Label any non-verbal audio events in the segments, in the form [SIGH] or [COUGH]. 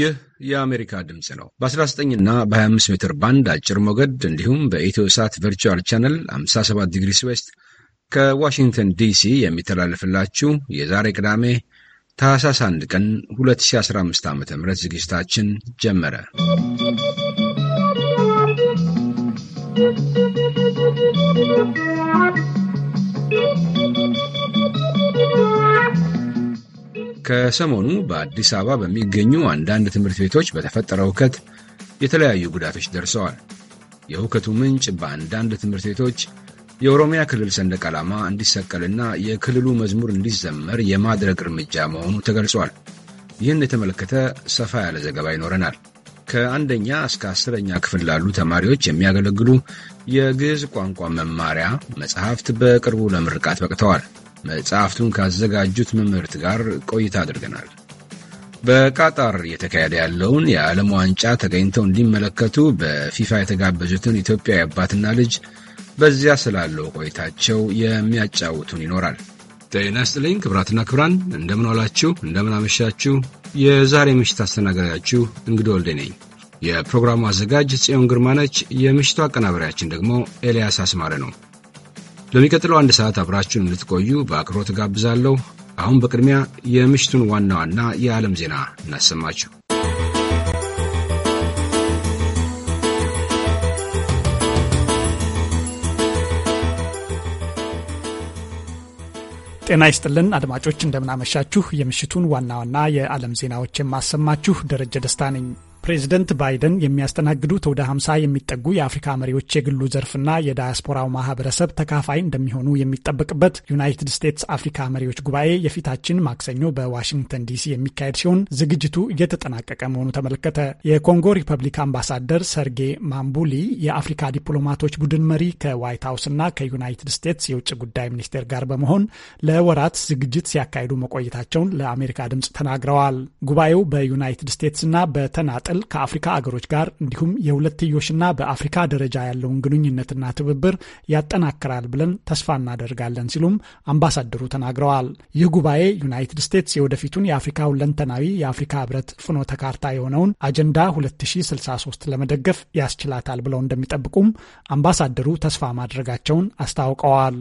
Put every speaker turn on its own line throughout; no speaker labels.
ይህ የአሜሪካ ድምፅ ነው። በ19 እና በ25 ሜትር ባንድ አጭር ሞገድ እንዲሁም በኢትዮ ሳት ቨርቹዋል ቻነል 57 ዲግሪስ ዌስት ከዋሽንግተን ዲሲ የሚተላለፍላችሁ የዛሬ ቅዳሜ ታህሳስ 1 ቀን 2015 ዓ ም ዝግጅታችን ጀመረ። ¶¶ ከሰሞኑ በአዲስ አበባ በሚገኙ አንዳንድ ትምህርት ቤቶች በተፈጠረ ሁከት የተለያዩ ጉዳቶች ደርሰዋል። የሁከቱ ምንጭ በአንዳንድ ትምህርት ቤቶች የኦሮሚያ ክልል ሰንደቅ ዓላማ እንዲሰቀልና የክልሉ መዝሙር እንዲዘመር የማድረግ እርምጃ መሆኑ ተገልጿል። ይህን የተመለከተ ሰፋ ያለ ዘገባ ይኖረናል። ከአንደኛ እስከ አስረኛ ክፍል ላሉ ተማሪዎች የሚያገለግሉ የግዕዝ ቋንቋ መማሪያ መጽሐፍት በቅርቡ ለምርቃት በቅተዋል። መጽሐፍቱን ካዘጋጁት መምህርት ጋር ቆይታ አድርገናል። በቃጣር እየተካሄደ ያለውን የዓለም ዋንጫ ተገኝተው እንዲመለከቱ በፊፋ የተጋበዙትን ኢትዮጵያዊ አባትና ልጅ በዚያ ስላለው ቆይታቸው የሚያጫውቱን ይኖራል። ጤና ይስጥልኝ ክብራትና ክብራን፣ እንደምን ዋላችሁ፣ እንደምን አመሻችሁ። የዛሬ ምሽት አስተናጋጃችሁ እንግዶ ወልዴ ነኝ። የፕሮግራሙ አዘጋጅ ጽዮን ግርማ ነች። የምሽቱ አቀናበሪያችን ደግሞ ኤልያስ አስማረ ነው። ለሚቀጥለው አንድ ሰዓት አብራችሁን እንድትቆዩ በአክብሮት ጋብዛለሁ። አሁን በቅድሚያ የምሽቱን ዋና ዋና የዓለም ዜና እናሰማችሁ።
ጤና ይስጥልን አድማጮች፣ እንደምናመሻችሁ። የምሽቱን ዋና ዋና የዓለም ዜናዎች የማሰማችሁ ደረጀ ደስታ ነኝ። ፕሬዚደንት ባይደን የሚያስተናግዱት ወደ 50 የሚጠጉ የአፍሪካ መሪዎች የግሉ ዘርፍና የዳያስፖራው ማህበረሰብ ተካፋይ እንደሚሆኑ የሚጠበቅበት ዩናይትድ ስቴትስ አፍሪካ መሪዎች ጉባኤ የፊታችን ማክሰኞ በዋሽንግተን ዲሲ የሚካሄድ ሲሆን ዝግጅቱ እየተጠናቀቀ መሆኑ ተመለከተ። የኮንጎ ሪፐብሊክ አምባሳደር ሰርጌ ማምቡሊ የአፍሪካ ዲፕሎማቶች ቡድን መሪ ከዋይት ሀውስና ከዩናይትድ ስቴትስ የውጭ ጉዳይ ሚኒስቴር ጋር በመሆን ለወራት ዝግጅት ሲያካሂዱ መቆየታቸውን ለአሜሪካ ድምፅ ተናግረዋል። ጉባኤው በዩናይትድ ስቴትስና በተናጠ በመቀጠል ከአፍሪካ አገሮች ጋር እንዲሁም የሁለትዮሽና በአፍሪካ ደረጃ ያለውን ግንኙነትና ትብብር ያጠናክራል ብለን ተስፋ እናደርጋለን ሲሉም አምባሳደሩ ተናግረዋል። ይህ ጉባኤ ዩናይትድ ስቴትስ የወደፊቱን የአፍሪካ ሁለንተናዊ የአፍሪካ ህብረት ፍኖተ ካርታ የሆነውን አጀንዳ 2063 ለመደገፍ ያስችላታል ብለው እንደሚጠብቁም አምባሳደሩ ተስፋ ማድረጋቸውን አስታውቀዋል።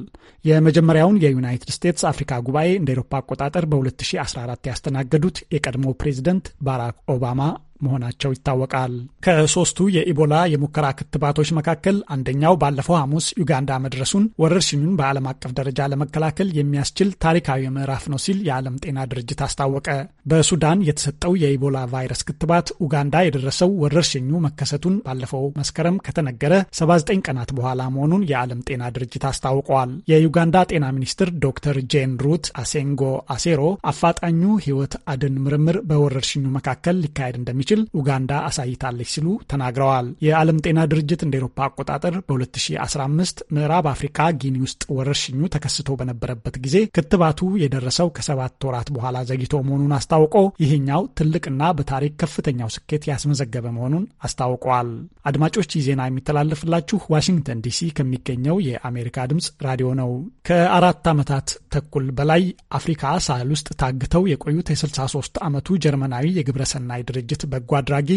የመጀመሪያውን የዩናይትድ ስቴትስ አፍሪካ ጉባኤ እንደ ኤሮፓ አቆጣጠር በ2014 ያስተናገዱት የቀድሞ ፕሬዚደንት ባራክ ኦባማ መሆናቸው ይታወቃል። ከሶስቱ የኢቦላ የሙከራ ክትባቶች መካከል አንደኛው ባለፈው ሐሙስ ዩጋንዳ መድረሱን ወረርሽኙን በዓለም አቀፍ ደረጃ ለመከላከል የሚያስችል ታሪካዊ ምዕራፍ ነው ሲል የዓለም ጤና ድርጅት አስታወቀ። በሱዳን የተሰጠው የኢቦላ ቫይረስ ክትባት ኡጋንዳ የደረሰው ወረርሽኙ መከሰቱን ባለፈው መስከረም ከተነገረ 79 ቀናት በኋላ መሆኑን የዓለም ጤና ድርጅት አስታውቋል። የዩጋንዳ ጤና ሚኒስትር ዶክተር ጄን ሩት አሴንጎ አሴሮ አፋጣኙ ሕይወት አድን ምርምር በወረርሽኙ መካከል ሊካሄድ እንደሚችል እንደሚችል ኡጋንዳ አሳይታለች ሲሉ ተናግረዋል። የዓለም ጤና ድርጅት እንደ ኤሮፓ አቆጣጠር በ2015 ምዕራብ አፍሪካ ጊኒ ውስጥ ወረርሽኙ ተከስቶ በነበረበት ጊዜ ክትባቱ የደረሰው ከሰባት ወራት በኋላ ዘግይቶ መሆኑን አስታውቆ ይህኛው ትልቅና በታሪክ ከፍተኛው ስኬት ያስመዘገበ መሆኑን አስታውቀዋል። አድማጮች ይህ ዜና የሚተላለፍላችሁ ዋሽንግተን ዲሲ ከሚገኘው የአሜሪካ ድምፅ ራዲዮ ነው። ከአራት ዓመታት ተኩል በላይ አፍሪካ ሳህል ውስጥ ታግተው የቆዩት የ63 ዓመቱ ጀርመናዊ የግብረሰናይ ድርጅት በ በጎ አድራጊ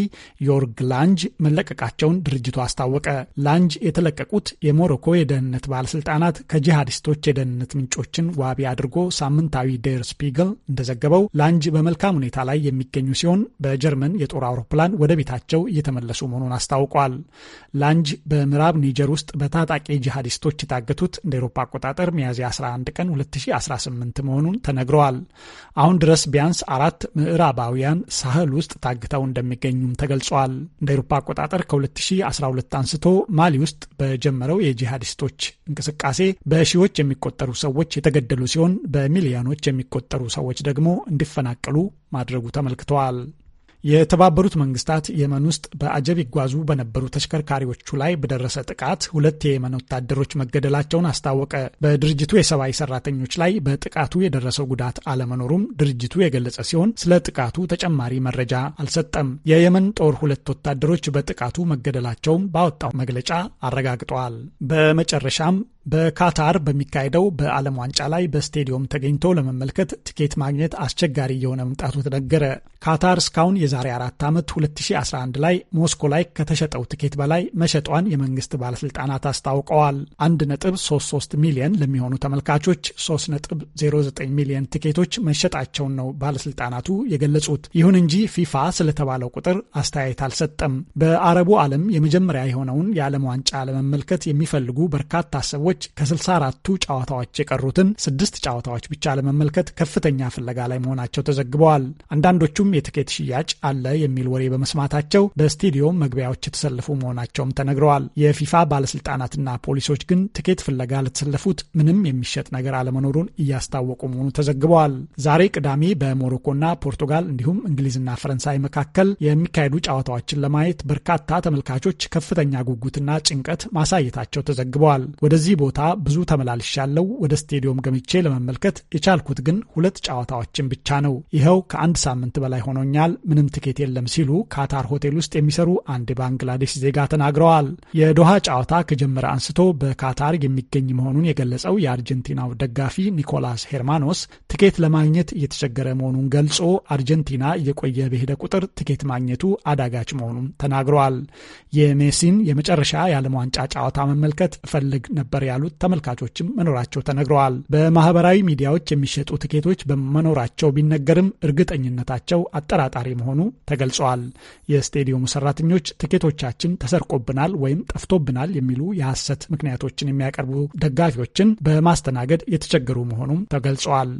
ዮርግ ላንጅ መለቀቃቸውን ድርጅቱ አስታወቀ። ላንጅ የተለቀቁት የሞሮኮ የደህንነት ባለስልጣናት ከጂሃዲስቶች የደህንነት ምንጮችን ዋቢ አድርጎ ሳምንታዊ ዴር ስፒግል እንደዘገበው ላንጅ በመልካም ሁኔታ ላይ የሚገኙ ሲሆን በጀርመን የጦር አውሮፕላን ወደ ቤታቸው እየተመለሱ መሆኑን አስታውቋል። ላንጅ በምዕራብ ኒጀር ውስጥ በታጣቂ ጂሃዲስቶች የታገቱት እንደ ኤሮፓ አቆጣጠር ሚያዝያ 11 ቀን 2018 መሆኑን ተነግረዋል። አሁን ድረስ ቢያንስ አራት ምዕራባውያን ሳህል ውስጥ ታግተው እንደሚገኙም ተገልጿል። እንደ ኤሮፓ አቆጣጠር ከ2012 አንስቶ ማሊ ውስጥ በጀመረው የጂሃዲስቶች እንቅስቃሴ በሺዎች የሚቆጠሩ ሰዎች የተገደሉ ሲሆን በሚሊዮኖች የሚቆጠሩ ሰዎች ደግሞ እንዲፈናቀሉ ማድረጉ ተመልክተዋል። የተባበሩት መንግስታት የመን ውስጥ በአጀብ ይጓዙ በነበሩ ተሽከርካሪዎቹ ላይ በደረሰ ጥቃት ሁለት የየመን ወታደሮች መገደላቸውን አስታወቀ። በድርጅቱ የሰብአዊ ሰራተኞች ላይ በጥቃቱ የደረሰው ጉዳት አለመኖሩም ድርጅቱ የገለጸ ሲሆን ስለ ጥቃቱ ተጨማሪ መረጃ አልሰጠም። የየመን ጦር ሁለት ወታደሮች በጥቃቱ መገደላቸውም ባወጣው መግለጫ አረጋግጠዋል። በመጨረሻም በካታር በሚካሄደው በዓለም ዋንጫ ላይ በስቴዲየም ተገኝቶ ለመመልከት ቲኬት ማግኘት አስቸጋሪ እየሆነ መምጣቱ ተነገረ። ካታር እስካሁን የዛሬ አራት ዓመት 2011 ላይ ሞስኮ ላይ ከተሸጠው ቲኬት በላይ መሸጧን የመንግስት ባለስልጣናት አስታውቀዋል። 1.33 ሚሊዮን ለሚሆኑ ተመልካቾች 3.09 ሚሊዮን ቲኬቶች መሸጣቸውን ነው ባለስልጣናቱ የገለጹት። ይሁን እንጂ ፊፋ ስለተባለው ቁጥር አስተያየት አልሰጠም። በአረቡ ዓለም የመጀመሪያ የሆነውን የዓለም ዋንጫ ለመመልከት የሚፈልጉ በርካታ ሰዎች ሰዎች ከ64ቱ ጨዋታዎች የቀሩትን ስድስት ጨዋታዎች ብቻ ለመመልከት ከፍተኛ ፍለጋ ላይ መሆናቸው ተዘግበዋል። አንዳንዶቹም የትኬት ሽያጭ አለ የሚል ወሬ በመስማታቸው በስቴዲዮም መግቢያዎች የተሰለፉ መሆናቸውም ተነግረዋል። የፊፋ ባለስልጣናትና ፖሊሶች ግን ትኬት ፍለጋ ለተሰለፉት ምንም የሚሸጥ ነገር አለመኖሩን እያስታወቁ መሆኑ ተዘግበዋል። ዛሬ ቅዳሜ በሞሮኮና ፖርቱጋል እንዲሁም እንግሊዝና ፈረንሳይ መካከል የሚካሄዱ ጨዋታዎችን ለማየት በርካታ ተመልካቾች ከፍተኛ ጉጉትና ጭንቀት ማሳየታቸው ተዘግበዋል። ወደዚህ ቦታ ብዙ ያለው ወደ ስቴዲየም ገምቼ ለመመልከት የቻልኩት ግን ሁለት ጨዋታዎችን ብቻ ነው። ይኸው ከአንድ ሳምንት በላይ ሆኖኛል። ምንም ትኬት የለም ሲሉ ካታር ሆቴል ውስጥ የሚሰሩ አንድ የባንግላዴሽ ዜጋ ተናግረዋል። የዶሃ ጨዋታ ከጀመረ አንስቶ በካታር የሚገኝ መሆኑን የገለጸው የአርጀንቲናው ደጋፊ ኒኮላስ ሄርማኖስ ትኬት ለማግኘት እየተቸገረ መሆኑን ገልጾ አርጀንቲና እየቆየ በሄደ ቁጥር ትኬት ማግኘቱ አዳጋች መሆኑን ተናግረዋል። የሜሲን የመጨረሻ የዓለም ዋንጫ ጨዋታ መመልከት እፈልግ ነበር ያሉት ተመልካቾችም መኖራቸው ተነግረዋል። በማህበራዊ ሚዲያዎች የሚሸጡ ትኬቶች በመኖራቸው ቢነገርም እርግጠኝነታቸው አጠራጣሪ መሆኑ ተገልጸዋል። የስቴዲየሙ ሰራተኞች ትኬቶቻችን ተሰርቆብናል ወይም ጠፍቶብናል የሚሉ የሐሰት ምክንያቶችን የሚያቀርቡ ደጋፊዎችን በማስተናገድ የተቸገሩ መሆኑም ተገልጸዋል።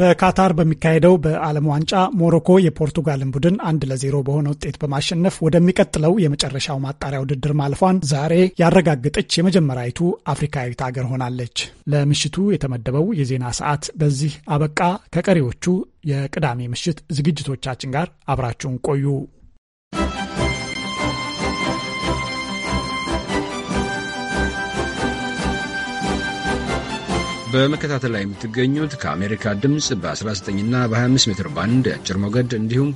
በካታር በሚካሄደው በዓለም ዋንጫ ሞሮኮ የፖርቱጋልን ቡድን አንድ ለዜሮ በሆነ ውጤት በማሸነፍ ወደሚቀጥለው የመጨረሻው ማጣሪያ ውድድር ማለፏን ዛሬ ያረጋገጠች የመጀመሪያዊቱ አፍሪካዊት አገር ሆናለች። ለምሽቱ የተመደበው የዜና ሰዓት በዚህ አበቃ። ከቀሪዎቹ የቅዳሜ ምሽት ዝግጅቶቻችን ጋር አብራችሁን ቆዩ።
በመከታተል ላይ የምትገኙት ከአሜሪካ ድምፅ በ19ና በ25 ሜትር ባንድ አጭር ሞገድ እንዲሁም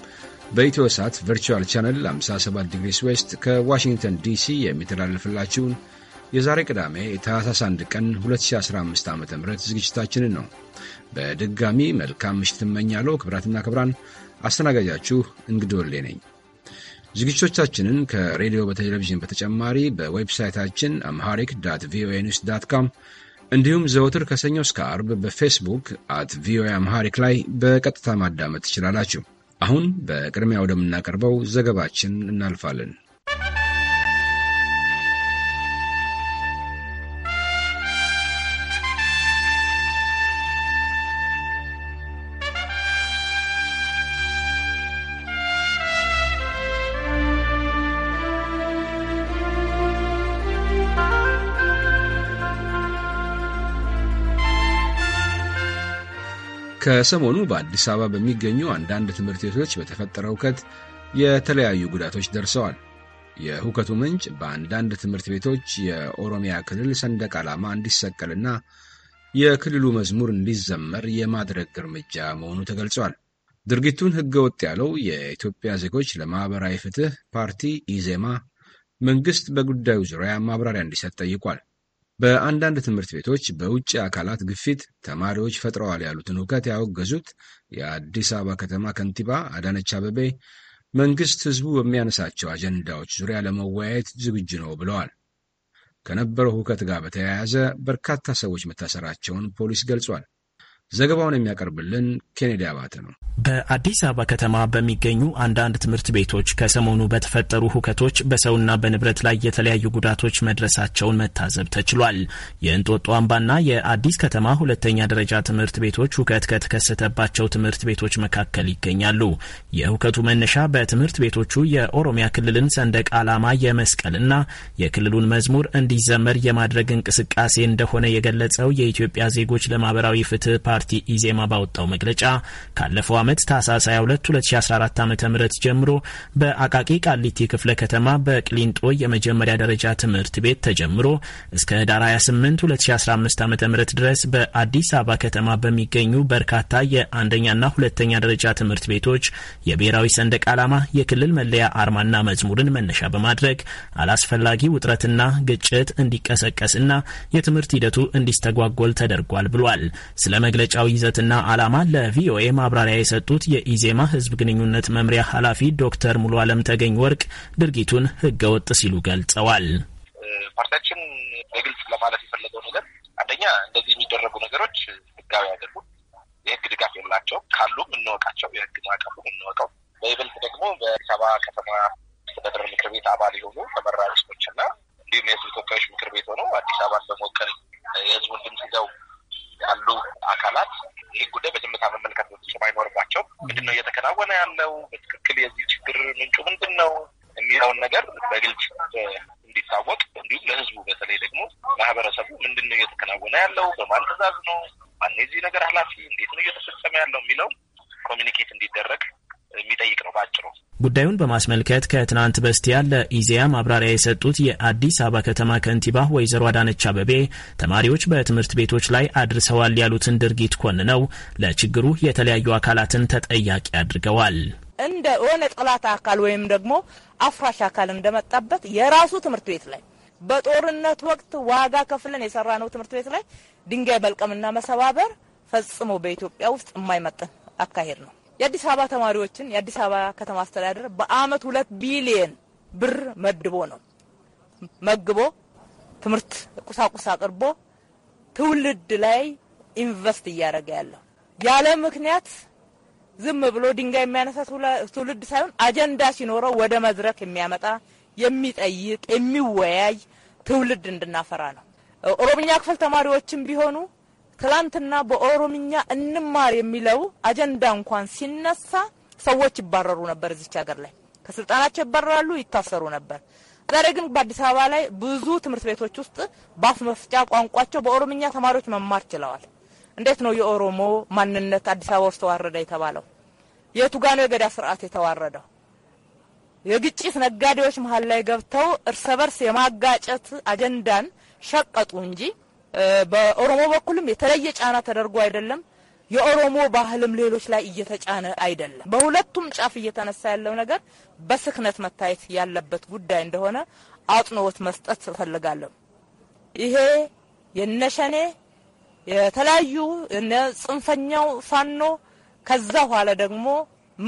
በኢትዮ ሳት ቨርቹዋል ቻነል 57 ዲግሪስ ዌስት ከዋሽንግተን ዲሲ የሚተላለፍላችሁን የዛሬ ቅዳሜ የታህሳስ 1 ቀን 2015 ዓ ም ዝግጅታችንን ነው። በድጋሚ መልካም ምሽት እመኛለሁ። ክብራትና ክብራን አስተናጋጃችሁ ወሌ ነኝ። ዝግጅቶቻችንን ከሬዲዮ በቴሌቪዥን በተጨማሪ በዌብሳይታችን አምሃሪክ ዳት ቪኦኤ ኒውስ ዳት ካም እንዲሁም ዘወትር ከሰኞ እስከ አርብ በፌስቡክ አት ቪኦኤ አምሃሪክ ላይ በቀጥታ ማዳመጥ ትችላላችሁ። አሁን በቅድሚያ ወደምናቀርበው ዘገባችን እናልፋለን። ከሰሞኑ በአዲስ አበባ በሚገኙ አንዳንድ ትምህርት ቤቶች በተፈጠረ ሁከት የተለያዩ ጉዳቶች ደርሰዋል። የሁከቱ ምንጭ በአንዳንድ ትምህርት ቤቶች የኦሮሚያ ክልል ሰንደቅ ዓላማ እንዲሰቀልና የክልሉ መዝሙር እንዲዘመር የማድረግ እርምጃ መሆኑ ተገልጿል። ድርጊቱን ወጥ ያለው የኢትዮጵያ ዜጎች ለማኅበራዊ ፍትሕ ፓርቲ ኢዜማ መንግሥት በጉዳዩ ዙሪያ ማብራሪያ እንዲሰጥ ጠይቋል። በአንዳንድ ትምህርት ቤቶች በውጭ አካላት ግፊት ተማሪዎች ፈጥረዋል ያሉትን ሁከት ያወገዙት የአዲስ አበባ ከተማ ከንቲባ አዳነች አበቤ መንግስት ህዝቡ በሚያነሳቸው አጀንዳዎች ዙሪያ ለመወያየት ዝግጁ ነው ብለዋል። ከነበረው ሁከት ጋር በተያያዘ በርካታ ሰዎች መታሰራቸውን ፖሊስ ገልጿል። ዘገባውን የሚያቀርብልን ኬኔዲ አባተ ነው።
በአዲስ አበባ ከተማ በሚገኙ አንዳንድ ትምህርት ቤቶች ከሰሞኑ በተፈጠሩ ሁከቶች በሰውና በንብረት ላይ የተለያዩ ጉዳቶች መድረሳቸውን መታዘብ ተችሏል። የእንጦጦ አምባና የአዲስ ከተማ ሁለተኛ ደረጃ ትምህርት ቤቶች ሁከት ከተከሰተባቸው ትምህርት ቤቶች መካከል ይገኛሉ። የሁከቱ መነሻ በትምህርት ቤቶቹ የኦሮሚያ ክልልን ሰንደቅ ዓላማ የመስቀልና የክልሉን መዝሙር እንዲዘመር የማድረግ እንቅስቃሴ እንደሆነ የገለጸው የኢትዮጵያ ዜጎች ለማህበራዊ ፍትህ ፓርቲ ኢዜማ ባወጣው መግለጫ ካለፈው ዓመት ታህሳስ 22 2014 ዓ ም ጀምሮ በአቃቂ ቃሊቲ ክፍለ ከተማ በቅሊንጦ የመጀመሪያ ደረጃ ትምህርት ቤት ተጀምሮ እስከ ህዳር 28 2015 ዓ ም ድረስ በአዲስ አበባ ከተማ በሚገኙ በርካታ የአንደኛና ሁለተኛ ደረጃ ትምህርት ቤቶች የብሔራዊ ሰንደቅ ዓላማ የክልል መለያ አርማና መዝሙርን መነሻ በማድረግ አላስፈላጊ ውጥረትና ግጭት እንዲቀሰቀስና የትምህርት ሂደቱ እንዲስተጓጎል ተደርጓል ብሏል። ስለ መግለ መግለጫው ይዘትና ዓላማ ለቪኦኤ ማብራሪያ የሰጡት የኢዜማ ህዝብ ግንኙነት መምሪያ ኃላፊ ዶክተር ሙሉ አለም ተገኝ ወርቅ ድርጊቱን ህገወጥ ሲሉ ገልጸዋል።
ፓርቲያችን በግልጽ ለማለት የፈለገው ነገር አንደኛ እንደዚህ የሚደረጉ ነገሮች ህጋዊ አይደሉም፣ የህግ ድጋፍ የላቸው ካሉም እንወቃቸው፣ የህግ ማዕቀፉ እንወቀው። በይበልጥ ደግሞ በአዲስ አበባ ከተማ አስተዳደር ምክር ቤት አባል የሆኑ ተመራጮችና እንዲሁም የህዝብ ተወካዮች ምክር ቤት ሆነው አዲስ አበባን በመወከል የህዝቡን ድምጽ ይዘው ያሉ አካላት ይህን ጉዳይ በዝምታ መመልከት በፍጹም አይኖርባቸው። ምንድን ነው እየተከናወነ ያለው በትክክል የዚህ ችግር ምንጩ ምንድን ነው የሚለውን ነገር በግልጽ እንዲታወቅ፣ እንዲሁም ለህዝቡ በተለይ ደግሞ ማህበረሰቡ ምንድን ነው እየተከናወነ ያለው በማን ትእዛዝ ነው ማን የዚህ ነገር ኃላፊ እንዴት ነው እየተፈጸመ ያለው የሚለው ኮሚኒኬት እንዲደረግ የሚጠይቅ ነው ባጭሩ።
ጉዳዩን በማስመልከት ከትናንት በስቲያ ለኢዜአ ማብራሪያ የሰጡት የአዲስ አበባ ከተማ ከንቲባ ወይዘሮ አዳነች አበቤ ተማሪዎች በትምህርት ቤቶች ላይ አድርሰዋል ያሉትን ድርጊት ኮንነው ለችግሩ የተለያዩ አካላትን ተጠያቂ አድርገዋል።
ሆነ ጠላት አካል ወይም ደግሞ አፍራሽ አካል እንደመጣበት የራሱ ትምህርት ቤት ላይ በጦርነት ወቅት ዋጋ ከፍለን የሰራነው ትምህርት ቤት ላይ ድንጋይ መልቀምና መሰባበር ፈጽሞ በኢትዮጵያ ውስጥ የማይመጥን አካሄድ ነው። የአዲስ አበባ ተማሪዎችን የአዲስ አበባ ከተማ አስተዳደር በአመት ሁለት ቢሊየን ብር መድቦ ነው መግቦ ትምህርት ቁሳቁስ አቅርቦ ትውልድ ላይ ኢንቨስት እያደረገ ያለው ያለ ምክንያት ዝም ብሎ ድንጋይ የሚያነሳ ትውልድ ሳይሆን አጀንዳ ሲኖረው ወደ መድረክ የሚያመጣ የሚጠይቅ፣ የሚወያይ ትውልድ እንድናፈራ ነው። ኦሮምኛ ክፍል ተማሪዎችም ቢሆኑ ትላንትና በኦሮምኛ እንማር የሚለው አጀንዳ እንኳን ሲነሳ ሰዎች ይባረሩ ነበር። እዚች ሀገር ላይ ከስልጣናቸው ይባረራሉ፣ ይታሰሩ ነበር። ዛሬ ግን በአዲስ አበባ ላይ ብዙ ትምህርት ቤቶች ውስጥ በአፍ መፍጫ ቋንቋቸው በኦሮምኛ ተማሪዎች መማር ችለዋል። እንዴት ነው የኦሮሞ ማንነት አዲስ አበባ ውስጥ ተዋረደ የተባለው? የቱ ጋ ነው የገዳ ስርዓት የተዋረደው? የግጭት ነጋዴዎች መሀል ላይ ገብተው እርስ በርስ የማጋጨት አጀንዳን ሸቀጡ እንጂ በኦሮሞ በኩልም የተለየ ጫና ተደርጎ አይደለም። የኦሮሞ ባህልም ሌሎች ላይ እየተጫነ አይደለም። በሁለቱም ጫፍ እየተነሳ ያለው ነገር በስክነት መታየት ያለበት ጉዳይ እንደሆነ አጽንኦት መስጠት እፈልጋለሁ። ይሄ የነሸኔ የተለያዩ ጽንፈኛው ፋኖ ከዛ ኋላ ደግሞ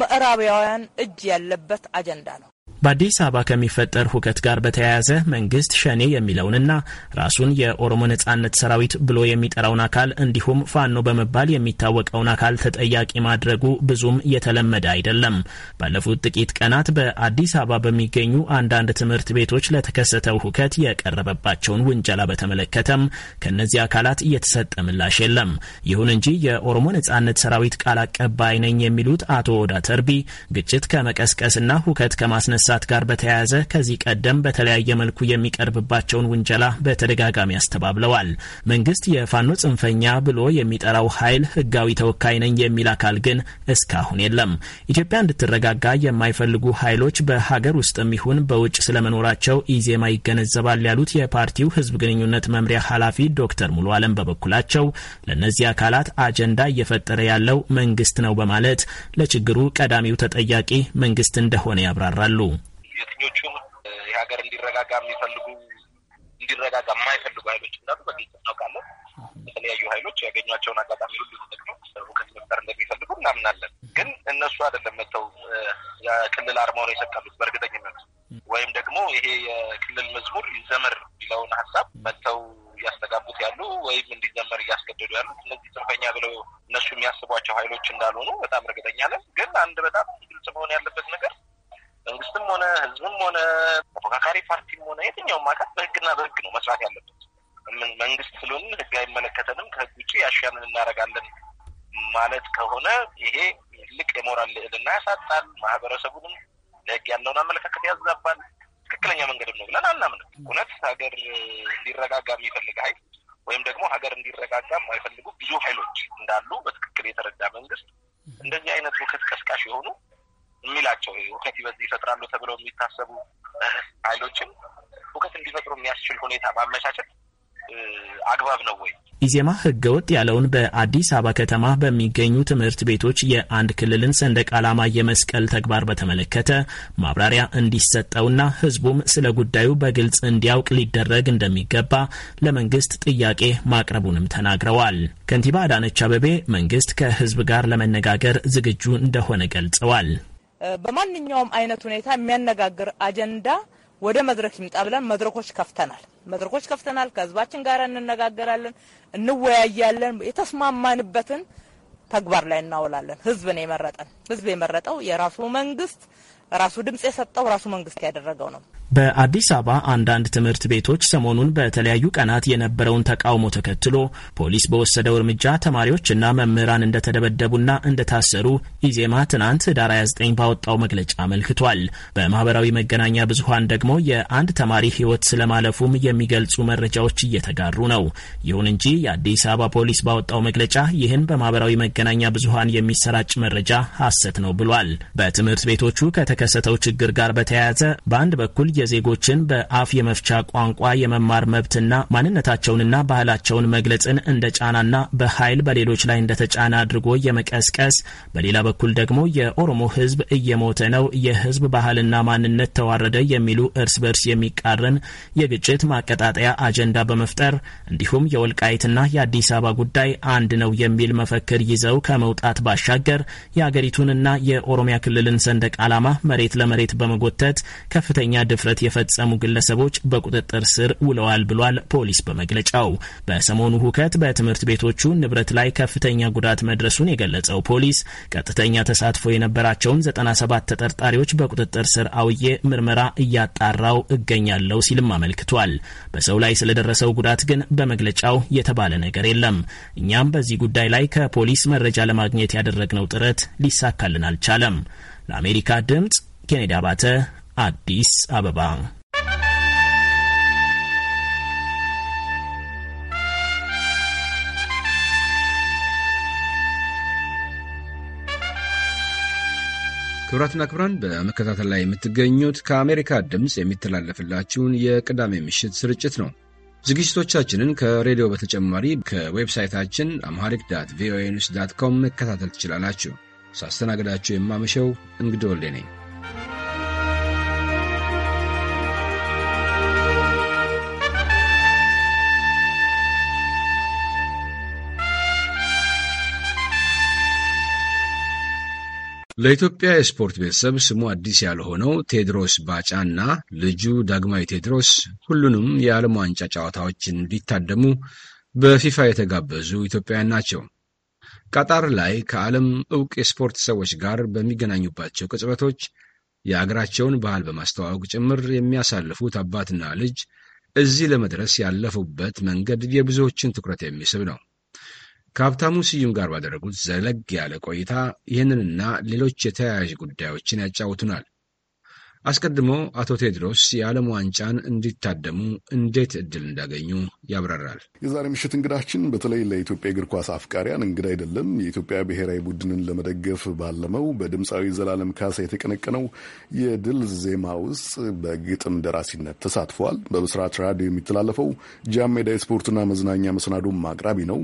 ምዕራባውያን እጅ ያለበት አጀንዳ
ነው። በአዲስ አበባ ከሚፈጠር ሁከት ጋር በተያያዘ መንግስት ሸኔ የሚለውንና ራሱን የኦሮሞ ነጻነት ሰራዊት ብሎ የሚጠራውን አካል እንዲሁም ፋኖ በመባል የሚታወቀውን አካል ተጠያቂ ማድረጉ ብዙም የተለመደ አይደለም። ባለፉት ጥቂት ቀናት በአዲስ አበባ በሚገኙ አንዳንድ ትምህርት ቤቶች ለተከሰተው ሁከት የቀረበባቸውን ውንጀላ በተመለከተም ከእነዚህ አካላት እየተሰጠ ምላሽ የለም። ይሁን እንጂ የኦሮሞ ነጻነት ሰራዊት ቃል አቀባይ ነኝ የሚሉት አቶ ወዳ ተርቢ ግጭት ከመቀስቀስና ሁከት ከማስነ ማንሳት ጋር በተያያዘ ከዚህ ቀደም በተለያየ መልኩ የሚቀርብባቸውን ውንጀላ በተደጋጋሚ አስተባብለዋል። መንግስት የፋኖ ጽንፈኛ ብሎ የሚጠራው ኃይል ህጋዊ ተወካይ ነኝ የሚል አካል ግን እስካሁን የለም። ኢትዮጵያ እንድትረጋጋ የማይፈልጉ ኃይሎች በሀገር ውስጥም ይሁን በውጭ ስለመኖራቸው ኢዜማ ይገነዘባል ያሉት የፓርቲው ህዝብ ግንኙነት መምሪያ ኃላፊ ዶክተር ሙሉ አለም በበኩላቸው ለእነዚህ አካላት አጀንዳ እየፈጠረ ያለው መንግስት ነው በማለት ለችግሩ ቀዳሚው ተጠያቂ መንግስት እንደሆነ ያብራራሉ። የትኞቹም የሀገር እንዲረጋጋ የሚፈልጉ እንዲረጋጋ የማይፈልጉ
ኃይሎች እንዳሉ በግልጽ እናውቃለን። የተለያዩ ኃይሎች ያገኟቸውን አጋጣሚ ሁሉ ተጠቅመው ሁከት መፍጠር እንደሚፈልጉ እናምናለን። ግን እነሱ አይደለም መጥተው የክልል አርማውን የሰቀሉት በእርግጠኝነት ወይም ደግሞ ይሄ የክልል መዝሙር ይዘመር የሚለውን ሀሳብ መጥተው እያስተጋቡት ያሉ ወይም እንዲዘመር እያስገደዱ ያሉት እነዚህ ጽንፈኛ ብለው እነሱ የሚያስቧቸው ኃይሎች እንዳልሆኑ በጣም እርግጠኛ ነን። ግን አንድ በጣም ግልጽ መሆን ያለበት ነገር መንግስትም ሆነ ህዝብም ሆነ ተፎካካሪ ፓርቲም ሆነ የትኛውም አካል በህግና በህግ ነው መስራት ያለበት። መንግስት ስለሆንን ህግ አይመለከተንም፣ ከህግ ውጭ ያሻንን እናደርጋለን ማለት ከሆነ ይሄ ትልቅ የሞራል ልዕልና ያሳጣል። ማህበረሰቡንም ለህግ ያለውን አመለካከት ያዛባል። ትክክለኛ መንገድም ነው ብለን አናምንም። እውነት ሀገር እንዲረጋጋ የሚፈልግ ሀይል ወይም ደግሞ ሀገር እንዲረጋጋ የማይፈልጉ ብዙ ሀይሎች እንዳሉ በትክክል የተረዳ መንግስት እንደዚህ አይነት ውከት ቀስቃሽ የሆኑ የሚላቸው እውከት ይበዝ ይፈጥራሉ ተብለው የሚታሰቡ ኃይሎችም እውከት እንዲፈጥሩ የሚያስችል ሁኔታ ማመቻቸት
አግባብ ነው ወይ? ኢዜማ ህገወጥ ያለውን በአዲስ አበባ ከተማ በሚገኙ ትምህርት ቤቶች የአንድ ክልልን ሰንደቅ ዓላማ የመስቀል ተግባር በተመለከተ ማብራሪያ እንዲሰጠውና ህዝቡም ስለ ጉዳዩ በግልጽ እንዲያውቅ ሊደረግ እንደሚገባ ለመንግስት ጥያቄ ማቅረቡንም ተናግረዋል። ከንቲባ አዳነች አበቤ መንግስት ከህዝብ ጋር ለመነጋገር ዝግጁ እንደሆነ ገልጸዋል።
በማንኛውም አይነት ሁኔታ የሚያነጋግር አጀንዳ ወደ መድረክ ይምጣ ብለን መድረኮች ከፍተናል። መድረኮች ከፍተናል። ከህዝባችን ጋር እንነጋገራለን፣ እንወያያለን። የተስማማንበትን ተግባር ላይ እናውላለን። ህዝብ ነው የመረጠን። ህዝብ የመረጠው የራሱ መንግስት ራሱ ድምጽ የሰጠው ራሱ መንግስት ያደረገው ነው።
በአዲስ አበባ አንዳንድ ትምህርት ቤቶች ሰሞኑን በተለያዩ ቀናት የነበረውን ተቃውሞ ተከትሎ ፖሊስ በወሰደው እርምጃ ተማሪዎችና መምህራን እንደተደበደቡና እንደታሰሩ ኢዜማ ትናንት ህዳር 29 ባወጣው መግለጫ አመልክቷል። በማህበራዊ መገናኛ ብዙሀን ደግሞ የአንድ ተማሪ ህይወት ስለማለፉም የሚገልጹ መረጃዎች እየተጋሩ ነው። ይሁን እንጂ የአዲስ አበባ ፖሊስ ባወጣው መግለጫ ይህን በማህበራዊ መገናኛ ብዙሀን የሚሰራጭ መረጃ ሐሰት ነው ብሏል። በትምህርት ቤቶቹ ከተከሰተው ችግር ጋር በተያያዘ በአንድ በኩል የዜጎችን በአፍ የመፍቻ ቋንቋ የመማር መብትና ማንነታቸውንና ባህላቸውን መግለጽን እንደ ጫናና በኃይል በሌሎች ላይ እንደተጫነ አድርጎ የመቀስቀስ በሌላ በኩል ደግሞ የኦሮሞ ህዝብ እየሞተ ነው፣ የህዝብ ባህልና ማንነት ተዋረደ የሚሉ እርስ በርስ የሚቃረን የግጭት ማቀጣጠያ አጀንዳ በመፍጠር እንዲሁም የወልቃይትና የአዲስ አበባ ጉዳይ አንድ ነው የሚል መፈክር ይዘው ከመውጣት ባሻገር የአገሪቱንና የኦሮሚያ ክልልን ሰንደቅ ዓላማ መሬት ለመሬት በመጎተት ከፍተኛ ድፍ ድፍረት የፈጸሙ ግለሰቦች በቁጥጥር ስር ውለዋል ብሏል ፖሊስ በመግለጫው። በሰሞኑ ሁከት በትምህርት ቤቶቹ ንብረት ላይ ከፍተኛ ጉዳት መድረሱን የገለጸው ፖሊስ ቀጥተኛ ተሳትፎ የነበራቸውን 97 ተጠርጣሪዎች በቁጥጥር ስር አውዬ ምርመራ እያጣራው እገኛለሁ ሲልም አመልክቷል። በሰው ላይ ስለደረሰው ጉዳት ግን በመግለጫው የተባለ ነገር የለም። እኛም በዚህ ጉዳይ ላይ ከፖሊስ መረጃ ለማግኘት ያደረግነው ጥረት ሊሳካልን አልቻለም። ለአሜሪካ ድምፅ ኬኔዲ አባተ አዲስ አበባ
ክብራትና ክብራን በመከታተል ላይ የምትገኙት ከአሜሪካ ድምፅ የሚተላለፍላችሁን የቅዳሜ ምሽት ስርጭት ነው። ዝግጅቶቻችንን ከሬዲዮ በተጨማሪ ከዌብሳይታችን አምሃሪክ ዳት ቪኦኤ ኒውስ ዳት ኮም መከታተል ትችላላችሁ። ሳስተናግዳችሁ የማመሸው እንግዶ ወልዴ ነኝ። ለኢትዮጵያ የስፖርት ቤተሰብ ስሙ አዲስ ያልሆነው ቴድሮስ ባጫ እና ልጁ ዳግማዊ ቴድሮስ ሁሉንም የዓለም ዋንጫ ጨዋታዎች እንዲታደሙ በፊፋ የተጋበዙ ኢትዮጵያውያን ናቸው። ቀጣር ላይ ከዓለም ዕውቅ የስፖርት ሰዎች ጋር በሚገናኙባቸው ቅጽበቶች የአገራቸውን ባህል በማስተዋወቅ ጭምር የሚያሳልፉት አባትና ልጅ እዚህ ለመድረስ ያለፉበት መንገድ የብዙዎችን ትኩረት የሚስብ ነው። ከሀብታሙ ስዩም ጋር ባደረጉት ዘለግ ያለ ቆይታ ይህንንና ሌሎች የተያያዥ ጉዳዮችን ያጫውቱናል። አስቀድሞ አቶ ቴድሮስ የዓለም ዋንጫን እንዲታደሙ እንዴት እድል እንዳገኙ ያብራራል።
የዛሬ ምሽት እንግዳችን በተለይ ለኢትዮጵያ እግር ኳስ አፍቃሪያን እንግዳ አይደለም። የኢትዮጵያ ብሔራዊ ቡድንን ለመደገፍ ባለመው በድምፃዊ ዘላለም ካሳ የተቀነቀነው የድል ዜማ ውስጥ በግጥም ደራሲነት ተሳትፏል። በብስራት ራዲዮ የሚተላለፈው ጃሜዳ የስፖርትና መዝናኛ መሰናዶ አቅራቢ ነው።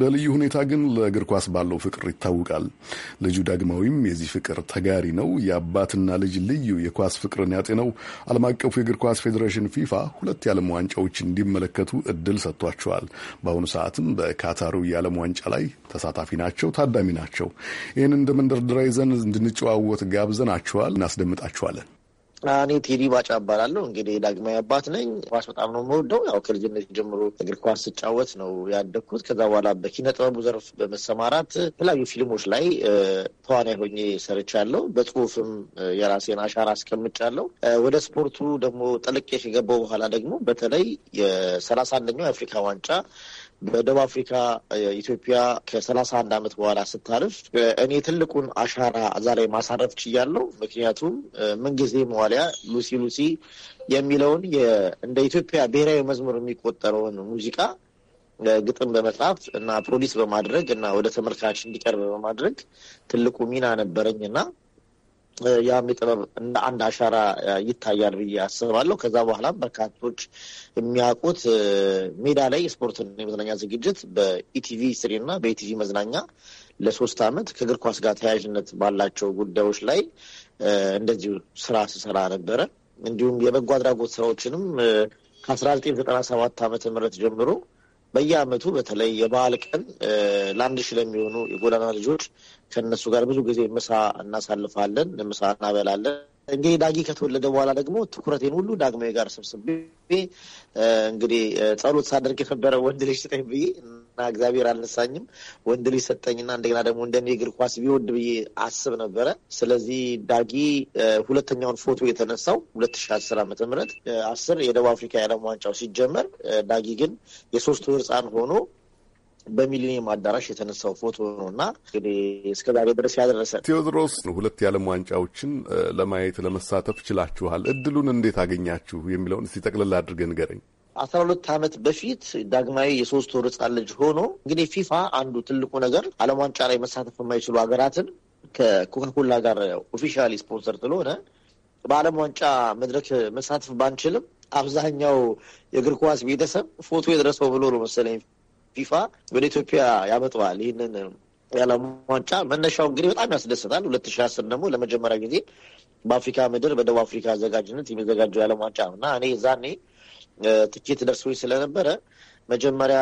በልዩ ሁኔታ ግን ለእግር ኳስ ባለው ፍቅር ይታወቃል። ልጁ ዳግማዊም የዚህ ፍቅር ተጋሪ ነው። የአባትና ልጅ ልዩ የኳስ ፍቅርን ያጤነው ዓለም አቀፉ የእግር ኳስ ፌዴሬሽን ፊፋ ሁለት የዓለም ዋንጫዎች እንዲመለከቱ እድል ሰጥቷቸዋል። በአሁኑ ሰዓትም በካታሩ የዓለም ዋንጫ ላይ ተሳታፊ ናቸው፣ ታዳሚ ናቸው። ይህን እንደ መንደርደሪያ ይዘን እንድንጨዋወት ጋብዘናቸዋል። እናስደምጣቸዋለን።
እኔ ቴዲ ባጫ እባላለሁ። እንግዲህ ዳግማዊ አባት ነኝ። ኳስ በጣም ነው የምወደው። ያው ከልጅነት ጀምሮ እግር ኳስ ስጫወት ነው ያደግኩት። ከዛ በኋላ በኪነ ጥበቡ ዘርፍ በመሰማራት የተለያዩ ፊልሞች ላይ ተዋናይ ሆኜ ሰርቻለሁ። በጽሁፍም የራሴን አሻራ አስቀምጫለሁ። ወደ ስፖርቱ ደግሞ ጠልቄ ከገባው በኋላ ደግሞ በተለይ የሰላሳ አንደኛው የአፍሪካ ዋንጫ በደቡብ አፍሪካ ኢትዮጵያ ከሰላሳ አንድ ዓመት በኋላ ስታልፍ እኔ ትልቁን አሻራ እዛ ላይ ማሳረፍ ችያለሁ። ምክንያቱም ምንጊዜ መዋሊያ ሉሲ ሉሲ የሚለውን እንደ ኢትዮጵያ ብሔራዊ መዝሙር የሚቆጠረውን ሙዚቃ ግጥም በመጻፍ እና ፕሮዲስ በማድረግ እና ወደ ተመልካች እንዲቀርብ በማድረግ ትልቁ ሚና ነበረኝ እና ያም የጥበብ እንደ አንድ አሻራ ይታያል ብዬ አስባለሁ። ከዛ በኋላም በርካቶች የሚያውቁት ሜዳ ላይ የስፖርትን የመዝናኛ ዝግጅት በኢቲቪ ስሪ እና በኢቲቪ መዝናኛ ለሶስት ዓመት ከእግር ኳስ ጋር ተያያዥነት ባላቸው ጉዳዮች ላይ እንደዚሁ ስራ ስሰራ ነበረ። እንዲሁም የበጎ አድራጎት ስራዎችንም ከአስራ ዘጠኝ ዘጠና ሰባት ዓመተ ምህረት ጀምሮ በየአመቱ በተለይ የበዓል ቀን ለአንድ ሺ ለሚሆኑ የጎዳና ልጆች ከእነሱ ጋር ብዙ ጊዜ ምሳ እናሳልፋለን፣ ምሳ እናበላለን። እንግዲህ ዳጊ ከተወለደ በኋላ ደግሞ ትኩረቴን ሁሉ ዳግማዊ ጋር ሰብስቤ እንግዲህ ጸሎት ሳደርግ የነበረ ወንድ ልጅ ስጠኝ ብዬ እና እግዚአብሔር አልነሳኝም። ወንድ ልጅ ሰጠኝና እንደገና ደግሞ እንደኔ እግር ኳስ ቢወድ ብዬ አስብ ነበረ። ስለዚህ ዳጊ ሁለተኛውን ፎቶ የተነሳው ሁለት ሺ አስር ዓመተ ምህረት አስር የደቡብ አፍሪካ የዓለም ዋንጫው ሲጀመር ዳጊ ግን የሶስት ወር ሆኖ በሚሊኒየም አዳራሽ የተነሳው ፎቶ ነው እና እንግዲህ ዛሬ ድረስ ያደረሰ
ቴዎድሮስ፣ ሁለት የዓለም ዋንጫዎችን ለማየት ለመሳተፍ ችላችኋል። እድሉን እንዴት አገኛችሁ የሚለውን እስቲ ጠቅልላ አድርገህ ንገረኝ። አስራ ሁለት
ዓመት በፊት ዳግማዊ የሶስት ወር ሕፃን ልጅ ሆኖ እንግዲህ ፊፋ አንዱ ትልቁ ነገር ዓለም ዋንጫ ላይ መሳተፍ የማይችሉ ሀገራትን ከኮካኮላ ጋር ኦፊሻሊ ስፖንሰር ስለሆነ በዓለም ዋንጫ መድረክ መሳተፍ ባንችልም አብዛኛው የእግር ኳስ ቤተሰብ ፎቶ የደረሰው ብሎ ነው መሰለኝ ፊፋ ወደ ኢትዮጵያ ያመጣዋል ይህንን የዓለም ዋንጫ መነሻው እንግዲህ በጣም ያስደስታል። ሁለት ሺህ አስር ደግሞ ለመጀመሪያ ጊዜ በአፍሪካ ምድር በደቡብ አፍሪካ አዘጋጅነት የሚዘጋጀው የዓለም ዋንጫ ነው እና እኔ ዛኔ ትኬት ደርሶኝ ስለነበረ መጀመሪያ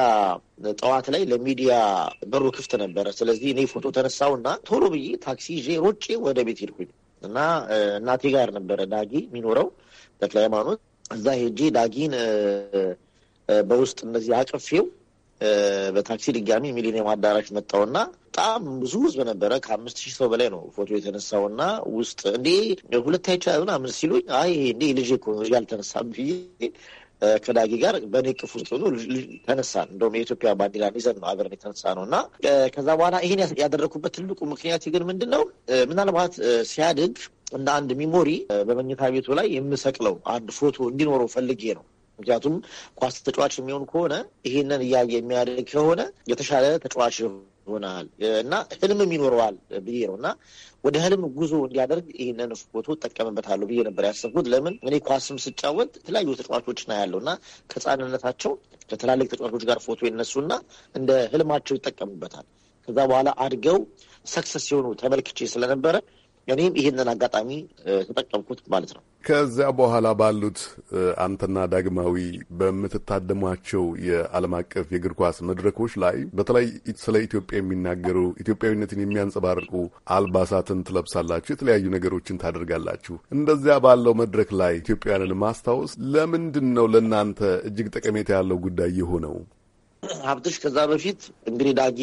ጠዋት ላይ ለሚዲያ በሩ ክፍት ነበረ። ስለዚህ እኔ ፎቶ ተነሳው እና ቶሎ ብዬ ታክሲ ይዤ ሮጬ ወደ ቤት ሄድኩኝ እና እናቴ ጋር ነበረ ዳጊ የሚኖረው ተክለ ሃይማኖት። እዛ ሄጄ ዳጊን በውስጥ እነዚህ አቅፌው በታክሲ ድጋሚ ሚሊኒየም አዳራሽ መጣውና በጣም ብዙ ህዝብ ነበረ። ከአምስት ሺህ ሰው በላይ ነው ፎቶ የተነሳው የተነሳውና ውስጥ እንዴ ሁለት አይቻ ምናምን ሲሉኝ አይ እንዴ ልጅ ያልተነሳ ብዬ ከዳጊ ጋር በንቅፍ ውስጥ ሆኖ ተነሳን። እንደውም የኢትዮጵያ ባንዲራ ይዘን ነው አብረን የተነሳ ነው እና ከዛ በኋላ ይህን ያደረግኩበት ትልቁ ምክንያት ግን ምንድን ነው ምናልባት ሲያድግ እንደ አንድ ሚሞሪ በመኝታ ቤቱ ላይ የምሰቅለው አንድ ፎቶ እንዲኖረው ፈልጌ ነው። ምክንያቱም ኳስ ተጫዋች የሚሆን ከሆነ ይህንን እያየ የሚያደግ ከሆነ የተሻለ ተጫዋች ይሆናል እና ህልምም ይኖረዋል ብዬ ነው እና ወደ ህልም ጉዞ እንዲያደርግ ይህንን ፎቶ እጠቀምበታለሁ ብዬ ነበር ያሰብኩት። ለምን እኔ ኳስም ስጫወት የተለያዩ ና ያለው እና ከህፃንነታቸው ከትላልቅ ተጫዋቾች ጋር ፎቶ ይነሱና እንደ ህልማቸው ይጠቀሙበታል። ከዛ በኋላ አድገው ሰክሰስ ሲሆኑ ተመልክቼ ስለነበረ እኔም ይህንን አጋጣሚ ተጠቀምኩት
ማለት ነው። ከዚያ በኋላ ባሉት አንተና ዳግማዊ በምትታደሟቸው የዓለም አቀፍ የእግር ኳስ መድረኮች ላይ በተለይ ስለ ኢትዮጵያ የሚናገሩ ኢትዮጵያዊነትን የሚያንጸባርቁ አልባሳትን ትለብሳላችሁ፣ የተለያዩ ነገሮችን ታደርጋላችሁ። እንደዚያ ባለው መድረክ ላይ ኢትዮጵያውያንን ማስታወስ ለምንድን ነው ለእናንተ እጅግ ጠቀሜታ ያለው ጉዳይ የሆነው?
ሀብትሽ፣ ከዛ በፊት እንግዲህ ዳጊ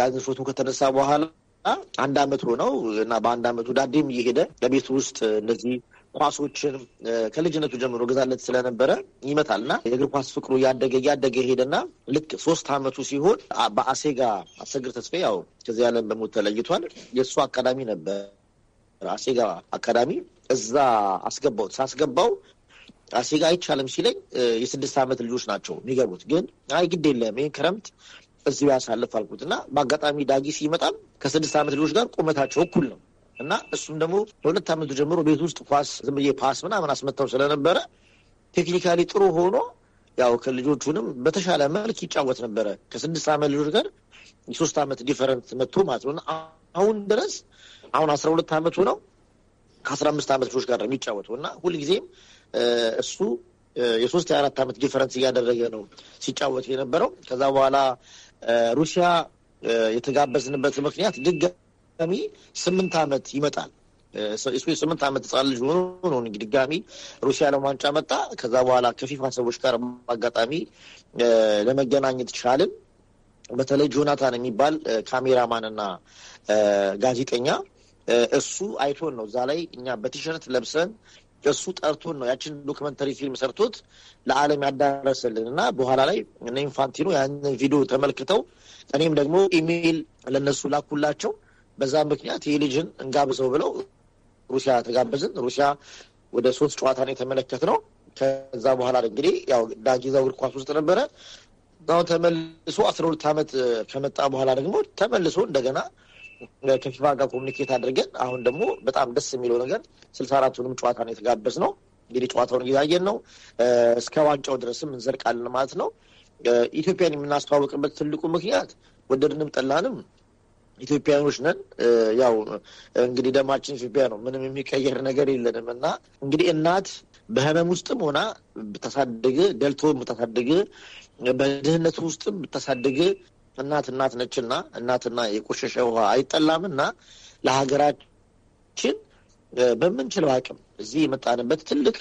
ያን ፎቶ ከተነሳ በኋላ አንድ አመት ሆነው እና በአንድ አመቱ ዳዴም እየሄደ ለቤት ውስጥ እነዚህ ኳሶችን ከልጅነቱ ጀምሮ ገዛለት ስለነበረ ይመታል እና የእግር ኳስ ፍቅሩ እያደገ እያደገ ሄደና ልክ ሶስት አመቱ ሲሆን በአሴጋ አሰግር ተስፋ ያው ከዚህ ዓለም በሞት ተለይቷል። የእሱ አካዳሚ ነበር አሴጋ አካዳሚ። እዛ አስገባው ሳስገባው አሴጋ አይቻልም ሲለኝ የስድስት አመት ልጆች ናቸው የሚገቡት። ግን አይ ግድ የለም ይህን ክረምት እዚሁ ያሳልፍ አልኩት እና በአጋጣሚ ዳጊ ሲመጣም ከስድስት ዓመት ልጆች ጋር ቁመታቸው እኩል ነው እና እሱም ደግሞ በሁለት ዓመቱ ጀምሮ ቤት ውስጥ ኳስ ዝም ብዬ ፓስ ምናምን አስመታው ስለነበረ ቴክኒካሊ ጥሩ ሆኖ ያው ከልጆቹንም በተሻለ መልክ ይጫወት ነበረ። ከስድስት ዓመት ልጆች ጋር የሶስት ዓመት ዲፈረንት መቶ ማለት ነው። አሁን ድረስ አሁን አስራ ሁለት ዓመቱ ነው ከአስራ አምስት ዓመት ልጆች ጋር ነው የሚጫወተው እና ሁልጊዜም እሱ የሶስት የአራት ዓመት ዲፈረንስ እያደረገ ነው ሲጫወት የነበረው። ከዛ በኋላ ሩሲያ የተጋበዝንበት ምክንያት ድጋሚ ስምንት ዓመት ይመጣል እሱ የስምንት ዓመት ህጻን ልጅ ሆኖ እንግዲህ ድጋሚ ሩሲያ ለዋንጫ መጣ። ከዛ በኋላ ከፊፋ ሰዎች ጋር አጋጣሚ ለመገናኘት ቻልን። በተለይ ጆናታን የሚባል ካሜራማን እና ጋዜጠኛ እሱ አይቶን ነው እዛ ላይ እኛ በቲሸርት ለብሰን እሱ ጠርቶን ነው ያችን ዶክመንተሪ ፊልም ሰርቶት ለዓለም ያዳረሰልን እና በኋላ ላይ እነ ኢንፋንቲኖ ያንን ቪዲዮ ተመልክተው እኔም ደግሞ ኢሜይል ለነሱ ላኩላቸው። በዛ ምክንያት ይህ ልጅን እንጋብዘው ብለው ሩሲያ ተጋበዝን። ሩሲያ ወደ ሶስት ጨዋታ ነው የተመለከትነው። ከዛ በኋላ እንግዲህ ያው ዳጊዛ እግር ኳስ ውስጥ ነበረ። አሁን ተመልሶ አስራ ሁለት ዓመት ከመጣ በኋላ ደግሞ ተመልሶ እንደገና ከፊፋ ጋር ኮሚኒኬት አድርገን አሁን ደግሞ በጣም ደስ የሚለው ነገር ስልሳ አራቱንም ጨዋታ ነው የተጋበዝ ነው። እንግዲህ ጨዋታውን እየታየን ነው። እስከ ዋንጫው ድረስም እንዘርቃለን ማለት ነው። ኢትዮጵያን የምናስተዋወቅበት ትልቁ ምክንያት ወደድንም ጠላንም ኢትዮጵያኖች ነን። ያው እንግዲህ ደማችን ኢትዮጵያ ነው። ምንም የሚቀየር ነገር የለንም እና እንግዲህ እናት በህመም ውስጥም ሆና ብታሳድግ፣ ደልቶ ብታሳድግ፣ በድህነቱ ውስጥም ብታሳድግ እናት እናት ነችና እናትና የቆሸሸ ውሃ አይጠላምና ለሀገራችን በምንችለው አቅም እዚህ የመጣንበት ትልቅ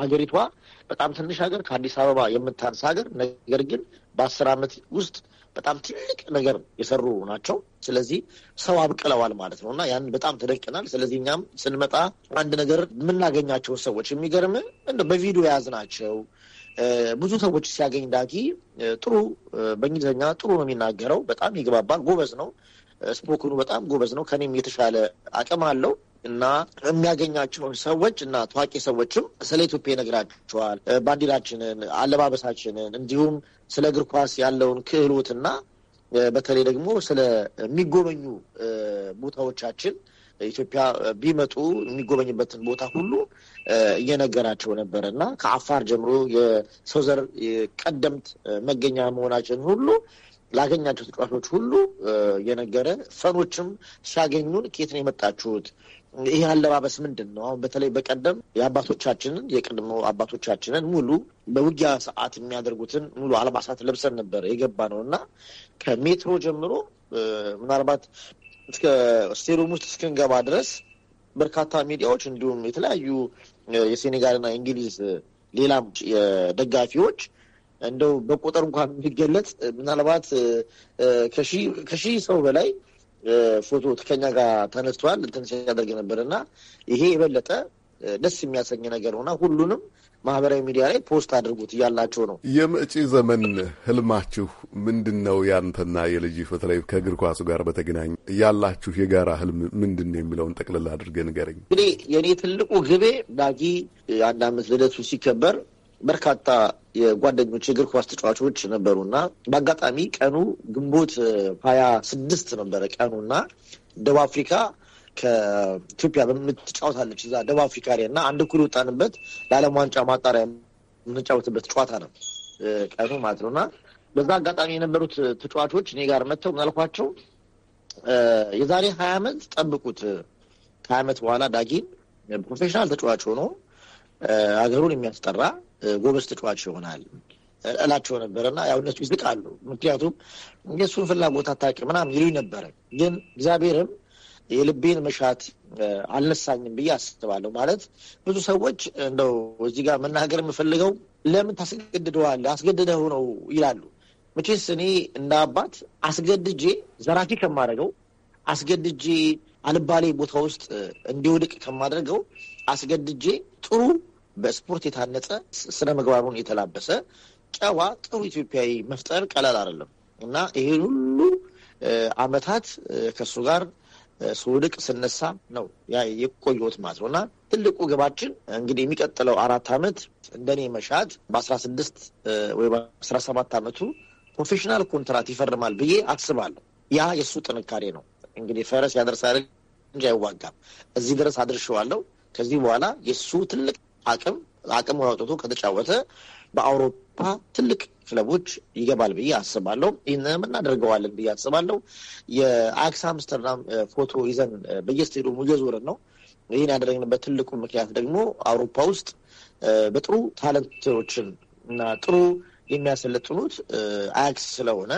ሀገሪቷ በጣም ትንሽ ሀገር ከአዲስ አበባ የምታንስ ሀገር ነገር ግን በአስር ዓመት ውስጥ በጣም ትልቅ ነገር የሰሩ ናቸው። ስለዚህ ሰው አብቅለዋል ማለት ነው እና ያን በጣም ተደቅናል። ስለዚህ እኛም ስንመጣ አንድ ነገር የምናገኛቸው ሰዎች የሚገርም በቪዲዮ የያዝ ናቸው። ብዙ ሰዎች ሲያገኝ ዳጊ ጥሩ በእንግሊዝኛ ጥሩ ነው የሚናገረው። በጣም ይግባባል። ጎበዝ ነው። ስፖክኑ በጣም ጎበዝ ነው። ከኔም የተሻለ አቅም አለው እና የሚያገኛቸውን ሰዎች እና ታዋቂ ሰዎችም ስለ ኢትዮጵያ ይነግራቸዋል። ባንዲራችንን፣ አለባበሳችንን እንዲሁም ስለ እግር ኳስ ያለውን ክህሎትና በተለይ ደግሞ ስለሚጎበኙ ቦታዎቻችን ኢትዮጵያ ቢመጡ የሚጎበኝበትን ቦታ ሁሉ እየነገራቸው ነበረ እና ከአፋር ጀምሮ የሰው ዘር ቀደምት መገኛ መሆናችን ሁሉ ላገኛቸው ተጫዋቾች ሁሉ እየነገረ ፈኖችም ሲያገኙን ኬትን ነው የመጣችሁት? ይህ አለባበስ ምንድን ነው? አሁን በተለይ በቀደም የአባቶቻችንን የቀድሞ አባቶቻችንን ሙሉ በውጊያ ሰዓት የሚያደርጉትን ሙሉ አልባሳት ለብሰን ነበር የገባ ነው እና ከሜትሮ ጀምሮ ምናልባት እስከ ስቴሩም ውስጥ እስክንገባ ድረስ በርካታ ሚዲያዎች እንዲሁም የተለያዩ የሴኔጋልና እንግሊዝ ሌላም ደጋፊዎች እንደው በቁጥር እንኳን የሚገለጽ ምናልባት ከሺህ ሰው በላይ ፎቶ ከኛ ጋር ተነስተዋል እንትን ሲያደርግ ነበር እና ይሄ የበለጠ ደስ የሚያሰኝ ነገር ሆና ሁሉንም ማህበራዊ ሚዲያ ላይ ፖስት አድርጉት እያላቸው ነው።
የመጪ ዘመን ህልማችሁ ምንድን ነው? ያንተና የልጅ በተለይ ከእግር ኳሱ ጋር በተገናኘ ያላችሁ የጋራ ህልም ምንድን ነው የሚለውን ጠቅልላ አድርገህ ንገረኝ።
እንግዲህ የእኔ ትልቁ ግቤ ዳጊ አንድ አመት ልደቱ ሲከበር በርካታ የጓደኞች የእግር ኳስ ተጫዋቾች ነበሩ እና በአጋጣሚ ቀኑ ግንቦት ሀያ ስድስት ነበረ ቀኑ እና ደቡብ አፍሪካ ከኢትዮጵያ የምትጫወታለች እዛ ደቡብ አፍሪካ ላይ እና አንድ እኩል ወጣንበት ለዓለም ዋንጫ ማጣሪያ የምንጫወትበት ጨዋታ ነው ቀኑ ማለት ነው እና በዛ አጋጣሚ የነበሩት ተጫዋቾች እኔ ጋር መጥተው ምናልኳቸው የዛሬ ሀያ ዓመት ጠብቁት ከሀያ ዓመት በኋላ ዳጊን ፕሮፌሽናል ተጫዋች ሆኖ ሀገሩን የሚያስጠራ ጎበዝ ተጫዋች ይሆናል እላቸው ነበር እና ያው እነሱ ይስቃሉ። ምክንያቱም የእሱን ፍላጎት አታውቂም ምናምን ይሉኝ ነበረ። ግን እግዚአብሔርም የልቤን መሻት አልነሳኝም ብዬ አስባለሁ። ማለት ብዙ ሰዎች እንደው እዚህ ጋር መናገር የምፈልገው ለምን ታስገድደዋል አስገድደው ነው ይላሉ። መቼስ እኔ እንደ አባት አስገድጄ ዘራፊ ከማደርገው አስገድጄ አልባሌ ቦታ ውስጥ እንዲወድቅ ከማድረገው አስገድጄ ጥሩ በስፖርት የታነጸ ስነ ምግባሩን የተላበሰ ጨዋ ጥሩ ኢትዮጵያዊ መፍጠር ቀላል አይደለም እና ይሄን ሁሉ አመታት ከእሱ ጋር ስውድቅ ስነሳ ነው ያ የቆየሁት ማለት ነው። እና ትልቁ ግባችን እንግዲህ የሚቀጥለው አራት ዓመት እንደኔ መሻት በአስራ ስድስት ወይ በአስራ ሰባት ዓመቱ ፕሮፌሽናል ኮንትራት ይፈርማል ብዬ አስባለሁ። ያ የእሱ ጥንካሬ ነው። እንግዲህ ፈረስ ያደርሳል እንጂ አይዋጋም። እዚህ ድረስ አድርሸዋለሁ። ከዚህ በኋላ የእሱ ትልቅ አቅም አቅም አውጥቶ ከተጫወተ በአውሮፓ ትልቅ ክለቦች ይገባል ብዬ አስባለሁ። ይህንንም እናደርገዋለን ብዬ አስባለሁ። የአክስ አምስተርዳም ፎቶ ይዘን በየስቴዲየሙ እየዞርን ነው። ይህን ያደረግንበት ትልቁ ምክንያት ደግሞ አውሮፓ ውስጥ በጥሩ ታለንቶችን እና ጥሩ የሚያሰለጥኑት አያክስ ስለሆነ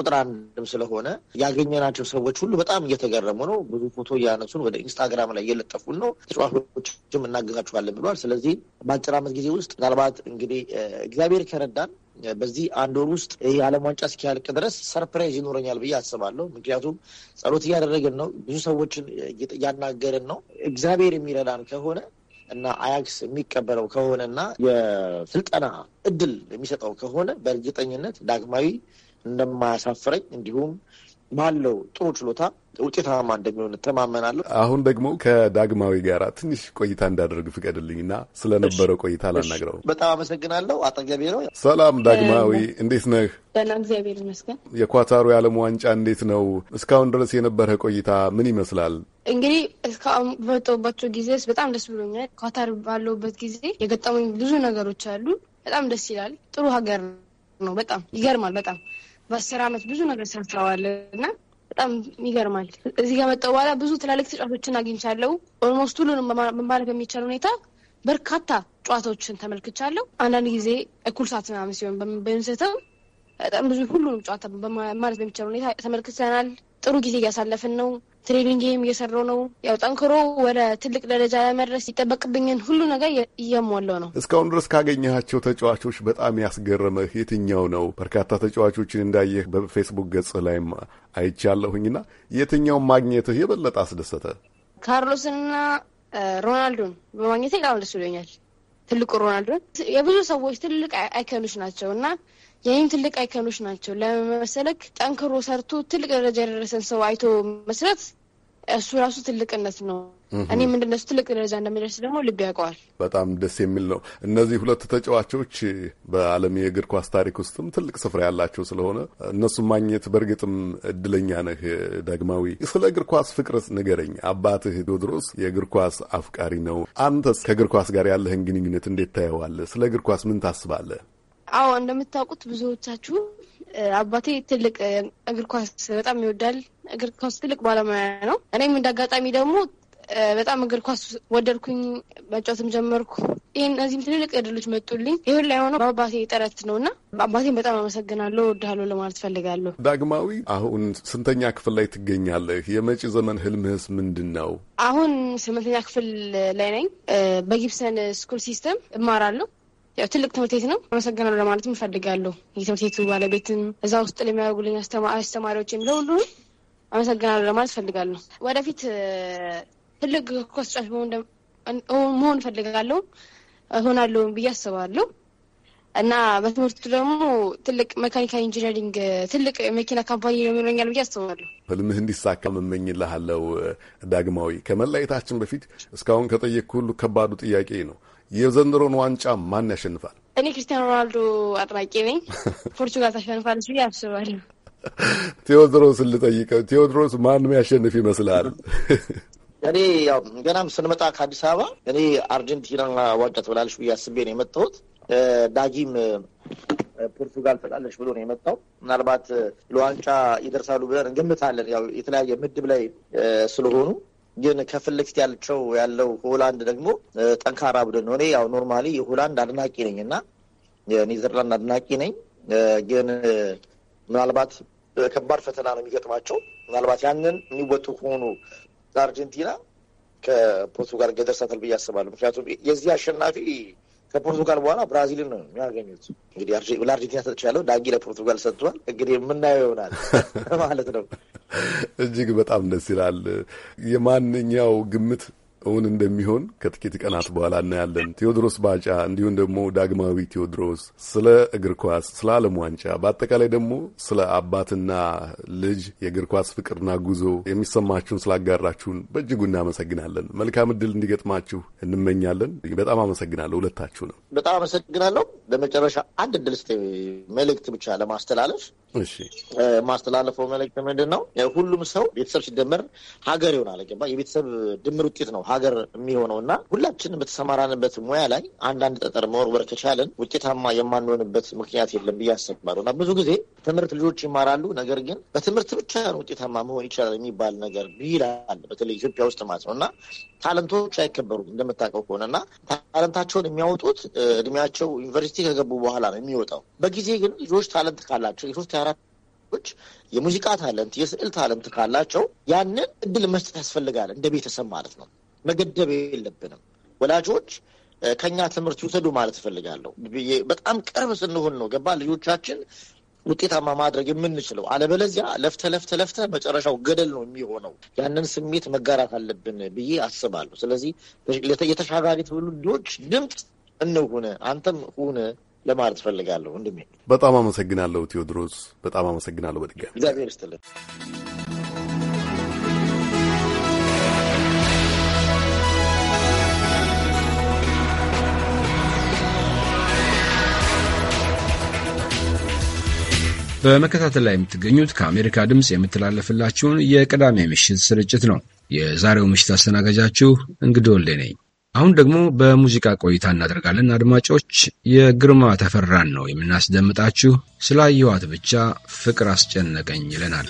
ቁጥር አንድም ስለሆነ ያገኘናቸው ሰዎች ሁሉ በጣም እየተገረሙ ነው። ብዙ ፎቶ እያነሱን ወደ ኢንስታግራም ላይ እየለጠፉን ነው። ተጫዋቾችም እናገዛችኋለን ብሏል። ስለዚህ በአጭር ዓመት ጊዜ ውስጥ ምናልባት እንግዲህ እግዚአብሔር ከረዳን በዚህ አንድ ወር ውስጥ ይህ ዓለም ዋንጫ እስኪያልቅ ድረስ ሰርፕራይዝ ይኖረኛል ብዬ አስባለሁ። ምክንያቱም ጸሎት እያደረግን ነው፣ ብዙ ሰዎችን እያናገርን ነው። እግዚአብሔር የሚረዳን ከሆነ እና አያክስ የሚቀበለው ከሆነ እና የስልጠና እድል የሚሰጠው ከሆነ በእርግጠኝነት ዳግማዊ እንደማያሳፍረኝ እንዲሁም ባለው ጥሩ ችሎታ ውጤታማ እንደሚሆን ተማመናለሁ።
አሁን ደግሞ ከዳግማዊ ጋር ትንሽ ቆይታ እንዳደርግ ፍቀድልኝና ስለነበረው ቆይታ ላናግረው።
በጣም አመሰግናለሁ። አጠገቤ ነው። ሰላም
ዳግማዊ፣ እንዴት ነህ?
ደህና እግዚአብሔር ይመስገን።
የኳታሩ የዓለም ዋንጫ እንዴት ነው? እስካሁን ድረስ የነበረ ቆይታ ምን ይመስላል?
እንግዲህ እስካሁን በተወባቸው ጊዜ በጣም ደስ ብሎኛል። ኳታር ባለሁበት ጊዜ የገጠሙኝ ብዙ ነገሮች አሉ። በጣም ደስ ይላል። ጥሩ ሀገር ነው። በጣም ይገርማል። በጣም በአስር አመት ብዙ ነገር ሰርተዋል እና በጣም ይገርማል። እዚህ ከመጣሁ በኋላ ብዙ ትላልቅ ተጫዋቾችን አግኝቻለሁ። ኦልሞስት ሁሉንም ማለት በሚቻል ሁኔታ በርካታ ጨዋታዎችን ተመልክቻለሁ። አንዳንድ ጊዜ እኩል ሰዓት ምናምን ሲሆን በሚሰተው በጣም ብዙ ሁሉንም ጨዋታ ማለት በሚቻል ሁኔታ ተመልክተናል። ጥሩ ጊዜ እያሳለፍን ነው። ትሬኒንግም እየሰራው ነው። ያው ጠንክሮ ወደ ትልቅ ደረጃ ለመድረስ ይጠበቅብኝን ሁሉ ነገር እየሞላው ነው።
እስካሁን ድረስ ካገኘሃቸው ተጫዋቾች በጣም ያስገረመህ የትኛው ነው? በርካታ ተጫዋቾችን እንዳየህ በፌስቡክ ገጽህ ላይም አይቻለሁኝና የትኛውን ማግኘትህ የበለጠ አስደሰተ?
ካርሎስንና ሮናልዶን በማግኘት በጣም ደስ ብሎኛል። ትልቁ ሮናልዶን የብዙ ሰዎች ትልቅ አይከኖች ናቸው እና ይህም ትልቅ አይከኖች ናቸው ለመመሰለክ ጠንክሮ ሰርቶ ትልቅ ደረጃ የደረሰን ሰው አይቶ መስረት እሱ ራሱ ትልቅነት ነው። እኔ ምንድነሱ ትልቅ ደረጃ እንደሚደርስ ደግሞ ልብ ያውቀዋል።
በጣም ደስ የሚል ነው። እነዚህ ሁለት ተጫዋቾች በዓለም የእግር ኳስ ታሪክ ውስጥም ትልቅ ስፍራ ያላቸው ስለሆነ እነሱም ማግኘት በእርግጥም እድለኛ ነህ። ዳግማዊ፣ ስለ እግር ኳስ ፍቅርስ ንገረኝ። አባትህ ቴዎድሮስ የእግር ኳስ አፍቃሪ ነው። አንተስ ከእግር ኳስ ጋር ያለህን ግንኙነት እንዴት ታየዋለህ? ስለ እግር ኳስ ምን ታስባለህ?
አዎ እንደምታውቁት ብዙዎቻችሁ አባቴ ትልቅ እግር ኳስ በጣም ይወዳል። እግር ኳስ ትልቅ ባለሙያ ነው። እኔም እንደ አጋጣሚ ደግሞ በጣም እግር ኳስ ወደድኩኝ፣ መጫወትም ጀመርኩ። ይህ እነዚህም ትልልቅ እድሎች መጡልኝ። ይህ ላይ ሆነው በአባቴ ጥረት ነው እና አባቴን በጣም አመሰግናለሁ፣ እወድሃለሁ ለማለት ፈልጋለሁ።
ዳግማዊ፣ አሁን ስንተኛ ክፍል ላይ ትገኛለህ? የመጪ ዘመን ህልምህስ ምንድን ነው?
አሁን ስምንተኛ ክፍል ላይ ነኝ። በጊብሰን ስኩል ሲስተም እማራለሁ። ያው ትልቅ ትምህርት ቤት ነው። አመሰግናለሁ ለማለትም እፈልጋለሁ የትምህርት ቤቱ ባለቤትም እዛ ውስጥ ለሚያደርጉልኝ አስተማሪዎች የሚለው ሁሉ አመሰግናለሁ ለማለት እፈልጋለሁ። ወደፊት ትልቅ ኳስ ተጫዋች መሆን እፈልጋለሁ እሆናለሁ ብዬ አስባለሁ እና በትምህርቱ ደግሞ ትልቅ መካኒካል ኢንጂነሪንግ ትልቅ መኪና ካምፓኒ የሚኖረኛል ብዬ አስባለሁ።
ህልምህ እንዲሳካ መመኝልሃለው። ዳግማዊ፣ ከመለያየታችን በፊት እስካሁን ከጠየቅኩ ሁሉ ከባዱ ጥያቄ ነው። የዘንድሮን ዋንጫ ማን ያሸንፋል?
እኔ ክርስቲያኖ ሮናልዶ አድናቂ ነኝ። [LAUGHS] ፖርቹጋል ታሸንፋለች ብዬ አስባለሁ።
ቴዎድሮስ ልጠይቀው። ቴዎድሮስ ማንም ያሸንፍ ይመስላል?
እኔ ያው ገናም ስንመጣ ከአዲስ አበባ እኔ አርጀንቲና ዋንጫ ትበላለች ብዬ አስቤ ነው የመጣሁት። ዳጊም ፖርቱጋል ትላለች ብሎ ነው የመጣው። ምናልባት ለዋንጫ ይደርሳሉ ብለን እንገምታለን። ያው የተለያየ ምድብ ላይ ስለሆኑ ግን ከፊት ለፊት ያለቸው ያለው ሆላንድ ደግሞ ጠንካራ ቡድን ሆኔ ያው ኖርማሊ የሆላንድ አድናቂ ነኝ እና የኔዘርላንድ አድናቂ ነኝ። ግን ምናልባት ከባድ ፈተና ነው የሚገጥማቸው። ምናልባት ያንን የሚወጡ ከሆኑ አርጀንቲና ከፖርቱጋል ገደርሳተል ብዬ አስባለሁ። ምክንያቱም የዚህ አሸናፊ ከፖርቱጋል በኋላ ብራዚልን ነው የሚያገኙት። እንግዲህ ለአርጀንቲና ሰጥቻለሁ፣ ዳጊ ለፖርቱጋል ሰጥቷል። እንግዲህ የምናየው ይሆናል [LAUGHS] ማለት ነው።
እጅግ በጣም ደስ ይላል። የማንኛው ግምት እውን እንደሚሆን ከጥቂት ቀናት በኋላ እናያለን። ቴዎድሮስ ባጫ እንዲሁም ደግሞ ዳግማዊ ቴዎድሮስ ስለ እግር ኳስ፣ ስለ ዓለም ዋንጫ፣ በአጠቃላይ ደግሞ ስለ አባትና ልጅ የእግር ኳስ ፍቅርና ጉዞ የሚሰማችሁን ስላጋራችሁን በእጅጉ እናመሰግናለን። መልካም እድል እንዲገጥማችሁ እንመኛለን። በጣም አመሰግናለሁ። ሁለታችሁ ነው።
በጣም አመሰግናለሁ። ለመጨረሻ አንድ እድል ስ መልእክት ብቻ ለማስተላለፍ የማስተላለፈው መልእክት ምንድን ነው? ሁሉም ሰው ቤተሰብ ሲደመር ሀገር ይሆናል። የቤተሰብ ድምር ውጤት ነው ሀገር የሚሆነው እና ሁላችንም በተሰማራንበት ሙያ ላይ አንዳንድ ጠጠር መወርወር ከቻለን ውጤታማ የማንሆንበት ምክንያት የለም ብዬ አስባለሁ እና ብዙ ጊዜ ትምህርት ልጆች ይማራሉ፣ ነገር ግን በትምህርት ብቻ ውጤታማ መሆን ይቻላል የሚባል ነገር ይላል፣ በተለይ ኢትዮጵያ ውስጥ ማለት ነው እና ታለንቶች አይከበሩም እንደምታውቀው ከሆነ እና ታለንታቸውን የሚያወጡት እድሜያቸው ዩኒቨርሲቲ ከገቡ በኋላ ነው የሚወጣው። በጊዜ ግን ልጆች ታለንት ካላቸው የሶስት አራት ልጆች የሙዚቃ ታለንት፣ የስዕል ታለንት ካላቸው ያንን እድል መስጠት ያስፈልጋል እንደ ቤተሰብ ማለት ነው። መገደብ የለብንም። ወላጆች ከኛ ትምህርት ይውሰዱ ማለት እፈልጋለሁ ብዬ በጣም ቅርብ ስንሆን ነው ገባ ልጆቻችን ውጤታማ ማድረግ የምንችለው። አለበለዚያ ለፍተ ለፍተ ለፍተ መጨረሻው ገደል ነው የሚሆነው። ያንን ስሜት መጋራት አለብን ብዬ አስባለሁ። ስለዚህ የተሻጋሪ ትውልዶች ድምፅ እንሁን፣ አንተም ሁን ለማለት እፈልጋለሁ። ወንድሜ
በጣም አመሰግናለሁ። ቴዎድሮስ በጣም አመሰግናለሁ። በድጋሚ
እግዚአብሔር ይስጥልን።
በመከታተል ላይ የምትገኙት ከአሜሪካ ድምፅ የምትላለፍላችሁን የቅዳሜ ምሽት ስርጭት ነው። የዛሬው ምሽት አስተናጋጃችሁ እንግዲህ ወልዴ ነኝ። አሁን ደግሞ በሙዚቃ ቆይታ እናደርጋለን። አድማጮች፣ የግርማ ተፈራን ነው የምናስደምጣችሁ። ስላየኋት ብቻ ፍቅር አስጨነቀኝ ይለናል።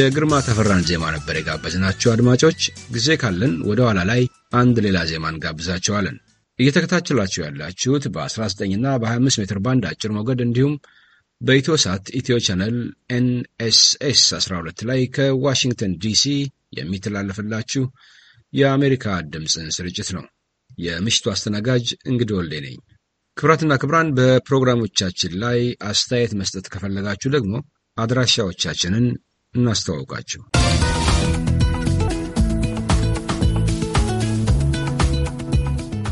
የግርማ ተፈራን ዜማ ነበር የጋበዝናችሁ። አድማጮች ጊዜ ካለን ወደ ኋላ ላይ አንድ ሌላ ዜማ እንጋብዛችኋለን። እየተከታተላችሁ ያላችሁት በ19ና በ25 ሜትር ባንድ አጭር ሞገድ እንዲሁም በኢትዮ ሳት ኢትዮ ቻነል ኤንኤስኤስ 12 ላይ ከዋሽንግተን ዲሲ የሚተላለፍላችሁ የአሜሪካ ድምፅን ስርጭት ነው። የምሽቱ አስተናጋጅ እንግዲህ ወልዴ ነኝ። ክብራትና ክብራን በፕሮግራሞቻችን ላይ አስተያየት መስጠት ከፈለጋችሁ ደግሞ አድራሻዎቻችንን እናስተዋውቃቸው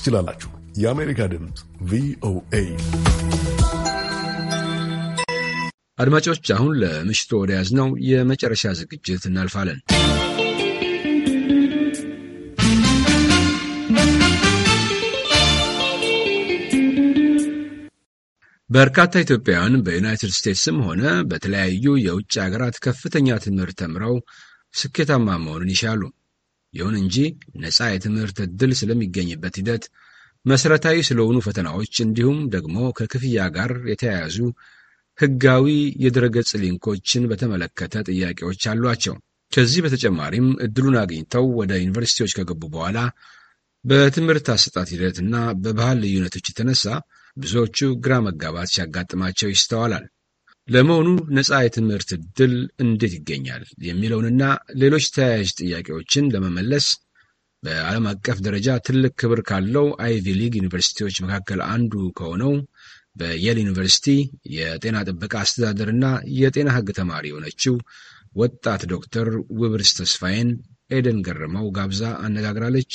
ትችላላችሁ። የአሜሪካ ድምፅ ቪኦኤ
አድማጮች፣ አሁን ለምሽቱ ወደ ያዝነው የመጨረሻ ዝግጅት እናልፋለን። በርካታ ኢትዮጵያውያን በዩናይትድ ስቴትስም ሆነ በተለያዩ የውጭ ሀገራት ከፍተኛ ትምህርት ተምረው ስኬታማ መሆኑን ይሻሉ። ይሁን እንጂ ነፃ የትምህርት ዕድል ስለሚገኝበት ሂደት፣ መሠረታዊ ስለሆኑ ፈተናዎች እንዲሁም ደግሞ ከክፍያ ጋር የተያያዙ ሕጋዊ የድረገጽ ሊንኮችን በተመለከተ ጥያቄዎች አሏቸው። ከዚህ በተጨማሪም ዕድሉን አግኝተው ወደ ዩኒቨርሲቲዎች ከገቡ በኋላ በትምህርት አሰጣት ሂደትና በባህል ልዩነቶች የተነሳ ብዙዎቹ ግራ መጋባት ሲያጋጥማቸው ይስተዋላል። ለመሆኑ ነፃ የትምህርት ዕድል እንዴት ይገኛል የሚለውንና ሌሎች ተያያዥ ጥያቄዎችን ለመመለስ በዓለም አቀፍ ደረጃ ትልቅ ክብር ካለው አይቪ ሊግ ዩኒቨርሲቲዎች መካከል አንዱ ከሆነው በየል ዩኒቨርሲቲ የጤና ጥበቃ አስተዳደርና የጤና ሕግ ተማሪ የሆነችው ወጣት ዶክተር ውብርስ ተስፋዬን ኤደን ገረመው ጋብዛ አነጋግራለች።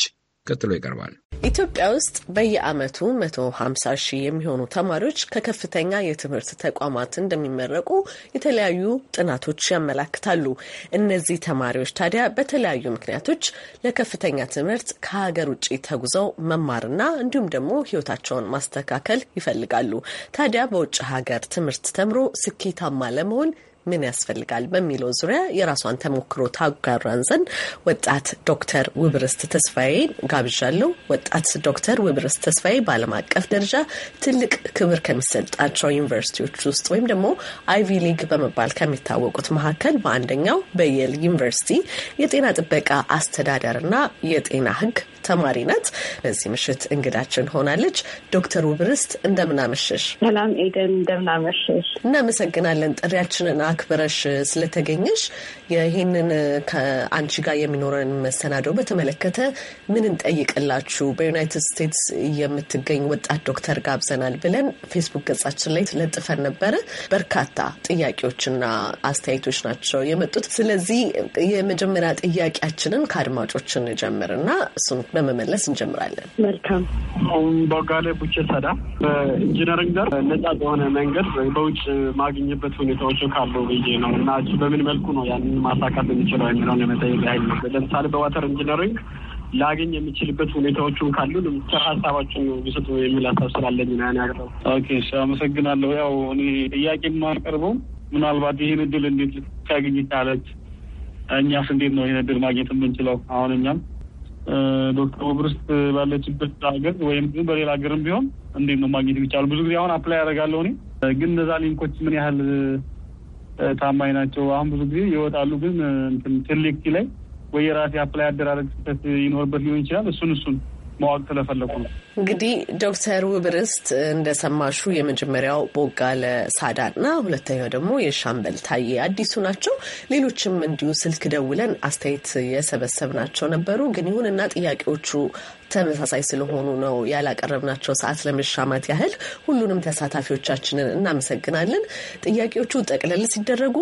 ቀጥሎ ይቀርባል።
ኢትዮጵያ ውስጥ በየዓመቱ 150 ሺህ የሚሆኑ ተማሪዎች ከከፍተኛ የትምህርት ተቋማት እንደሚመረቁ የተለያዩ ጥናቶች ያመላክታሉ። እነዚህ ተማሪዎች ታዲያ በተለያዩ ምክንያቶች ለከፍተኛ ትምህርት ከሀገር ውጭ ተጉዘው መማርና እንዲሁም ደግሞ ሕይወታቸውን ማስተካከል ይፈልጋሉ። ታዲያ በውጭ ሀገር ትምህርት ተምሮ ስኬታማ ለመሆን ምን ያስፈልጋል በሚለው ዙሪያ የራሷን ተሞክሮ ታጋራን ዘንድ ወጣት ዶክተር ውብርስት ተስፋዬ ጋብዣለሁ። ወጣት ዶክተር ውብርስት ተስፋዬ በዓለም አቀፍ ደረጃ ትልቅ ክብር ከሚሰጣቸው ዩኒቨርሲቲዎች ውስጥ ወይም ደግሞ አይቪ ሊግ በመባል ከሚታወቁት መካከል በአንደኛው በየል ዩኒቨርሲቲ የጤና ጥበቃ አስተዳደርና የጤና ሕግ ተማሪ ናት። በዚህ ምሽት እንግዳችን ሆናለች። ዶክተር ውብርስት እንደምናመሸሽ።
ሰላም ኤደን፣
እንደምናመሸሽ። እናመሰግናለን ጥሪያችንን አክብረሽ ስለተገኘሽ። ይህንን ከአንቺ ጋር የሚኖረን መሰናደው በተመለከተ ምን እንጠይቅላችሁ በዩናይትድ ስቴትስ የምትገኝ ወጣት ዶክተር ጋብዘናል ብለን ፌስቡክ ገጻችን ላይ ለጥፈን ነበረ። በርካታ ጥያቄዎችና አስተያየቶች ናቸው የመጡት። ስለዚህ የመጀመሪያ ጥያቄያችንን ከአድማጮች እንጀምርና እሱን በመመለስ እንጀምራለን።
መልካም ቦጋለ ቡቼሳዳ በኢንጂነሪንግ ዘርፍ ነጻ በሆነ መንገድ በውጭ ማግኝበት ሁኔታዎች ካሉ ብዬ ነው እና እ በምን መልኩ ነው ያንን ማሳካት የሚችለው የሚለውን የመጠየቅ ያህል ነው። ለምሳሌ በዋተር ኢንጂነሪንግ ላገኝ የሚችልበት ሁኔታዎቹን ካሉ ለምስር ሀሳባችን ብስጡ የሚል ሀሳብ ስላለኝ ና ያቅረው። ኦኬ አመሰግናለሁ።
ያው እኔ ጥያቄ የማቀርበው ምናልባት ይህን እድል እንዴት ታገኝ ቻለች፣ እኛስ እንዴት ነው ይህን እድል ማግኘት የምንችለው? አሁን እኛም ዶክተር ወብርስት ባለችበት ሀገር ወይም በሌላ ሀገርም ቢሆን እንዴት ነው ማግኘት የሚቻሉ? ብዙ ጊዜ አሁን አፕላይ ያደርጋለሁ እኔ ግን እነዛ ሊንኮች ምን ያህል ታማኝ ናቸው? አሁን ብዙ ጊዜ ይወጣሉ፣ ግን ቴሌክቲ ላይ ወይ የራሴ አፕላይ አደራረግ ስህተት ይኖርበት ሊሆን ይችላል። እሱን እሱን ማወቅ ስለፈለኩ ነው።
እንግዲህ ዶክተር ውብርስት እንደሰማሹ የመጀመሪያው ቦጋለ ሳዳና ሁለተኛው ደግሞ የሻምበል ታዬ አዲሱ ናቸው። ሌሎችም እንዲሁ ስልክ ደውለን አስተያየት የሰበሰብናቸው ነበሩ። ግን ይሁንና ጥያቄዎቹ ተመሳሳይ ስለሆኑ ነው ያላቀረብናቸው። ሰዓት ለመሻማት ያህል ሁሉንም ተሳታፊዎቻችንን እናመሰግናለን። ጥያቄዎቹ ጠቅለል ሲደረጉ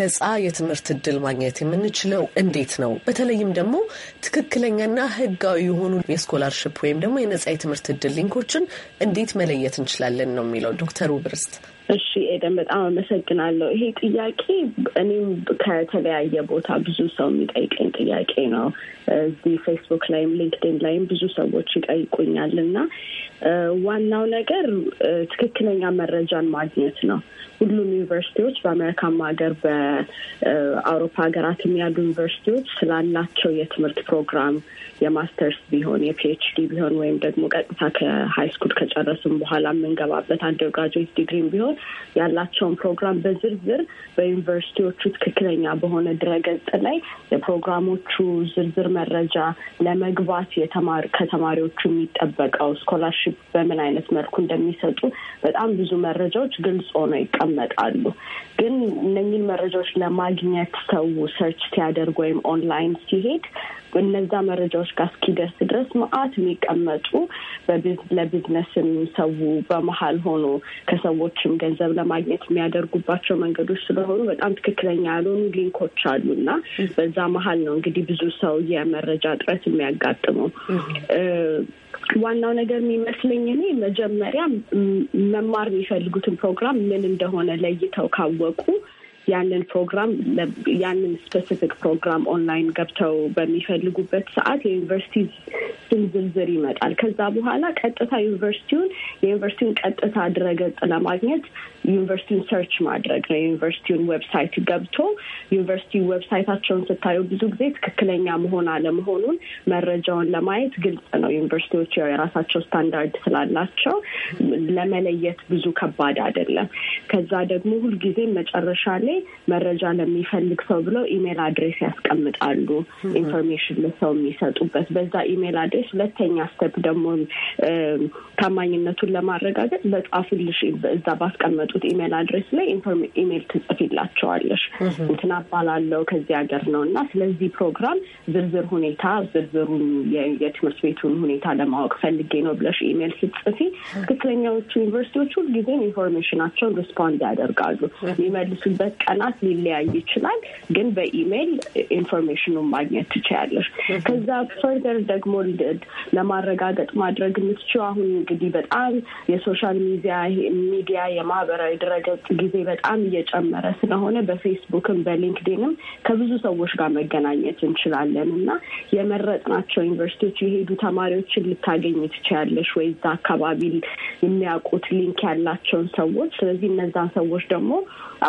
ነጻ የትምህርት እድል ማግኘት የምንችለው እንዴት ነው? በተለይም ደግሞ ትክክለኛና ህጋዊ የሆኑ የስኮላርሽፕ ወይም ደግሞ የነጻ የትምህርት እድል ሊንኮችን እንዴት መለየት እንችላለን ነው የሚለው ዶክተር ውብርስት
እሺ ኤደን በጣም አመሰግናለሁ። ይሄ ጥያቄ እኔም ከተለያየ ቦታ ብዙ ሰው የሚጠይቀኝ ጥያቄ ነው። እዚህ ፌስቡክ ላይም ሊንክድን ላይም ብዙ ሰዎች ይጠይቁኛል እና ዋናው ነገር ትክክለኛ መረጃን ማግኘት ነው። ሁሉም ዩኒቨርሲቲዎች በአሜሪካም ሀገር በአውሮፓ ሀገራትም ያሉ ዩኒቨርሲቲዎች ስላላቸው የትምህርት ፕሮግራም የማስተርስ ቢሆን የፒኤችዲ ቢሆን ወይም ደግሞ ቀጥታ ከሃይ ስኩል ከጨረስም በኋላ የምንገባበት አንደርግራጁዌት ዲግሪም ቢሆን ያላቸውን ፕሮግራም በዝርዝር በዩኒቨርሲቲዎቹ ትክክለኛ በሆነ ድረገጽ ላይ የፕሮግራሞቹ ዝርዝር መረጃ ለመግባት የተማር ከተማሪዎቹ የሚጠበቀው ስኮላርሽፕ በምን አይነት መልኩ እንደሚሰጡ በጣም ብዙ መረጃዎች ግልጽ ሆነው ይቀመጣሉ። ግን እነኝን መረጃዎች ለማግኘት ሰው ሰርች ሲያደርግ ወይም ኦንላይን ሲሄድ እነዛ መረጃዎች ጋር እስኪደርስ ድረስ መአት የሚቀመጡ ለቢዝነስም ሰው በመሀል ሆኖ ከሰዎችም ገንዘብ ለማግኘት የሚያደርጉባቸው መንገዶች ስለሆኑ በጣም ትክክለኛ ያልሆኑ ሊንኮች አሉ እና በዛ መሀል ነው እንግዲህ ብዙ ሰው የመረጃ እጥረት የሚያጋጥመው። ዋናው ነገር የሚመስለኝ እኔ መጀመሪያ መማር የሚፈልጉትን ፕሮግራም ምን እንደሆነ ለይተው ካወቁ ያንን ፕሮግራም ያንን ስፔሲፊክ ፕሮግራም ኦንላይን ገብተው በሚፈልጉበት ሰዓት የዩኒቨርሲቲ ስም ዝርዝር ይመጣል። ከዛ በኋላ ቀጥታ ዩኒቨርሲቲውን የዩኒቨርሲቲውን ቀጥታ ድረገጽ ለማግኘት ዩኒቨርሲቲውን ሰርች ማድረግ ነው። የዩኒቨርሲቲውን ዌብሳይት ገብቶ ዩኒቨርሲቲ ዌብሳይታቸውን ስታዩ ብዙ ጊዜ ትክክለኛ መሆን አለመሆኑን መረጃውን ለማየት ግልጽ ነው። ዩኒቨርሲቲዎች የራሳቸው ስታንዳርድ ስላላቸው ለመለየት ብዙ ከባድ አይደለም። ከዛ ደግሞ ሁልጊዜ መጨረሻ ላይ ጊዜ መረጃ ለሚፈልግ ሰው ብለው ኢሜል አድሬስ ያስቀምጣሉ። ኢንፎርሜሽን ለሰው የሚሰጡበት በዛ ኢሜል አድሬስ። ሁለተኛ ስተፕ ደግሞ ታማኝነቱን ለማረጋገጥ በጻፉልሽ እዛ ባስቀመጡት ኢሜል አድሬስ ላይ ኢሜል ትጽፊላቸዋለሽ። እንትና እባላለሁ ከዚህ ሀገር ነው እና ስለዚህ ፕሮግራም ዝርዝር ሁኔታ ዝርዝሩን የትምህርት ቤቱን ሁኔታ ለማወቅ ፈልጌ ነው ብለሽ ኢሜል ስጽፊ ትክክለኛዎቹ ዩኒቨርሲቲዎች ሁልጊዜም ኢንፎርሜሽናቸውን ሪስፖንድ ያደርጋሉ። የሚመልሱበት ቀናት ሊለያይ ይችላል። ግን በኢሜይል ኢንፎርሜሽኑን ማግኘት ትችያለሽ። ከዛ ፈርደር ደግሞ ለማረጋገጥ ማድረግ የምትችው አሁን እንግዲህ በጣም የሶሻል ሚዲያ ሚዲያ የማህበራዊ ድረገጽ ጊዜ በጣም እየጨመረ ስለሆነ በፌስቡክም በሊንክዲንም ከብዙ ሰዎች ጋር መገናኘት እንችላለን እና የመረጥናቸው ዩኒቨርሲቲዎች የሄዱ ተማሪዎችን ልታገኝ ትችያለሽ ወይ እዛ አካባቢ የሚያውቁት ሊንክ ያላቸውን ሰዎች። ስለዚህ እነዛን ሰዎች ደግሞ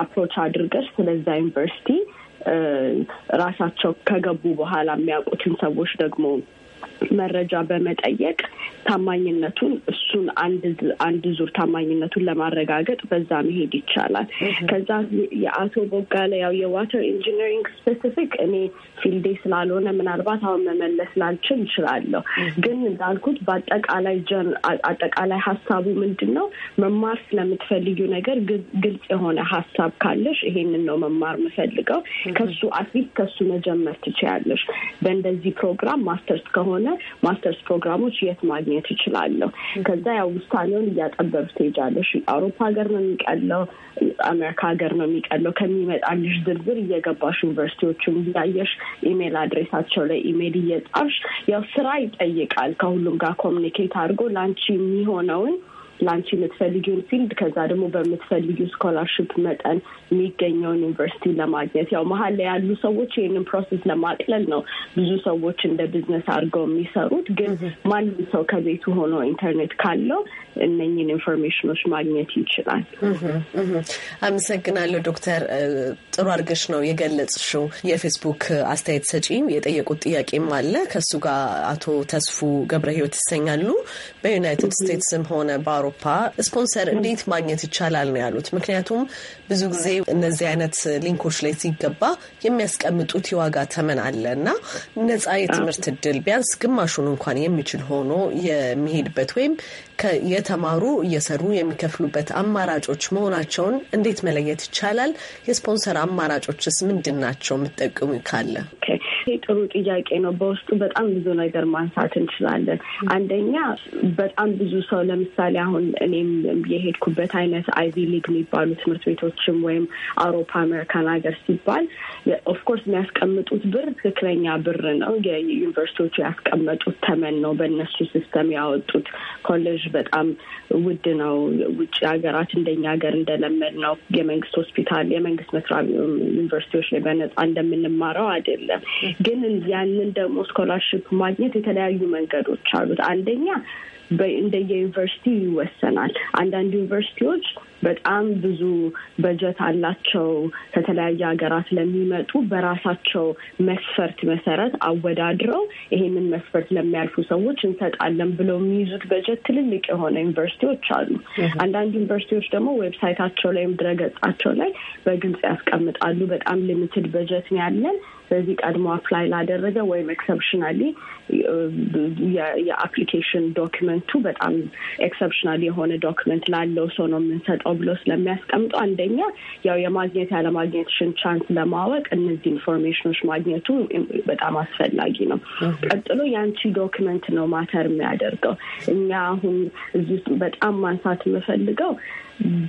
አፕሮች አድር አድርገሽ ስለዛ ዩኒቨርሲቲ ራሳቸው ከገቡ በኋላ የሚያውቁትን ሰዎች ደግሞ መረጃ በመጠየቅ ታማኝነቱን እሱን አንድ ዙር ታማኝነቱን ለማረጋገጥ በዛ መሄድ ይቻላል። ከዛ የአቶ ቦጋለ ያው የዋተር ኢንጂነሪንግ ስፔሲፊክ እኔ ፊልዴ ስላልሆነ ምናልባት አሁን መመለስ ላልችል እችላለሁ። ግን እንዳልኩት በአጠቃላይ አጠቃላይ ሀሳቡ ምንድን ነው? መማር ስለምትፈልጊው ነገር ግልጽ የሆነ ሀሳብ ካለሽ ይሄንን ነው መማር የምፈልገው ከሱ አትሊስት ከሱ መጀመር ትችያለሽ። በእንደዚህ ፕሮግራም ማስተርስ ከሆነ ከሆነ ማስተርስ ፕሮግራሞች የት ማግኘት ይችላለሁ? ከዛ ያው ውሳኔውን እያጠበብ ትሄጃለሽ። አውሮፓ ሀገር ነው የሚቀለው፣ አሜሪካ ሀገር ነው የሚቀለው ከሚመጣልሽ ዝርዝር እየገባሽ ዩኒቨርሲቲዎችን እያየሽ ኢሜል አድሬሳቸው ላይ ኢሜል እየጻፍሽ ያው ስራ ይጠይቃል ከሁሉም ጋር ኮሚኒኬት አድርጎ ለአንቺ የሚሆነውን ለአንቺ የምትፈልጊውን ፊልድ ከዛ ደግሞ በምትፈልጊው ስኮላርሽፕ መጠን የሚገኘውን ዩኒቨርሲቲ ለማግኘት ያው መሀል ላይ ያሉ ሰዎች ይህንን ፕሮሰስ ለማቅለል ነው ብዙ ሰዎች እንደ ቢዝነስ አድርገው የሚሰሩት። ግን ማንም ሰው ከቤቱ ሆኖ ኢንተርኔት ካለው እነኝን ኢንፎርሜሽኖች ማግኘት ይችላል። አመሰግናለሁ ዶክተር። ጥሩ አድርገሽ ነው የገለጽሽው። የፌስቡክ
አስተያየት ሰጪ የጠየቁት ጥያቄም አለ። ከእሱ ጋር አቶ ተስፉ ገብረ ህይወት ይሰኛሉ። በዩናይትድ ስቴትስም ሆነ በአውሮፓ ስፖንሰር እንዴት ማግኘት ይቻላል ነው ያሉት። ምክንያቱም ብዙ ጊዜ እነዚህ አይነት ሊንኮች ላይ ሲገባ የሚያስቀምጡት የዋጋ ተመን አለ እና ነጻ የትምህርት እድል ቢያንስ ግማሹን እንኳን የሚችል ሆኖ የሚሄድበት ወይም እየተማሩ እየሰሩ የሚከፍሉበት አማራጮች መሆናቸውን እንዴት መለየት ይቻላል? የስፖንሰር አማራጮችስ ምንድን ናቸው? የምትጠቅሙ ካለ
ጥሩ ጥያቄ ነው። በውስጡ በጣም ብዙ ነገር ማንሳት እንችላለን። አንደኛ በጣም ብዙ ሰው ለምሳሌ አሁን እኔም የሄድኩበት አይነት አይቪ ሊግ የሚባሉ ትምህርት ቤቶችም ወይም አውሮፓ አሜሪካን ሀገር ሲባል ኦፍኮርስ የሚያስቀምጡት ብር ትክክለኛ ብር ነው። የዩኒቨርሲቲዎቹ ያስቀመጡት ተመን ነው። በእነሱ ሲስተም ያወጡት ኮሌጅ በጣም ውድ ነው። ውጭ ሀገራት እንደኛ ሀገር እንደለመድ ነው የመንግስት ሆስፒታል፣ የመንግስት መስሪያ ዩኒቨርሲቲዎች ላይ በነጻ እንደምንማረው አይደለም። ግን ያንን ደግሞ ስኮላርሽፕ ማግኘት የተለያዩ መንገዶች አሉት። አንደኛ እንደየዩኒቨርሲቲ ይወሰናል። አንዳንድ ዩኒቨርሲቲዎች በጣም ብዙ በጀት አላቸው። ከተለያየ ሀገራት ለሚመጡ በራሳቸው መስፈርት መሰረት አወዳድረው ይሄንን መስፈርት ለሚያልፉ ሰዎች እንሰጣለን ብለው የሚይዙት በጀት ትልልቅ የሆነ ዩኒቨርሲቲዎች አሉ። አንዳንድ ዩኒቨርሲቲዎች ደግሞ ዌብሳይታቸው ላይም ድረገጻቸው ላይ በግልጽ ያስቀምጣሉ። በጣም ሊሚትድ በጀት ነው ያለን በዚህ ቀድሞ አፕላይ ላደረገ ወይም ኤክሰፕሽናሊ የአፕሊኬሽን ዶክመንቱ በጣም ኤክሰፕሽናሊ የሆነ ዶክመንት ላለው ሰው ነው የምንሰጠው ብሎ ስለሚያስቀምጡ አንደኛ ያው የማግኘት ያለማግኘትሽን ቻንስ ለማወቅ እነዚህ ኢንፎርሜሽኖች ማግኘቱ በጣም አስፈላጊ ነው። ቀጥሎ የአንቺ ዶክመንት ነው ማተር የሚያደርገው። እኛ አሁን እዚህ በጣም ማንሳት የምፈልገው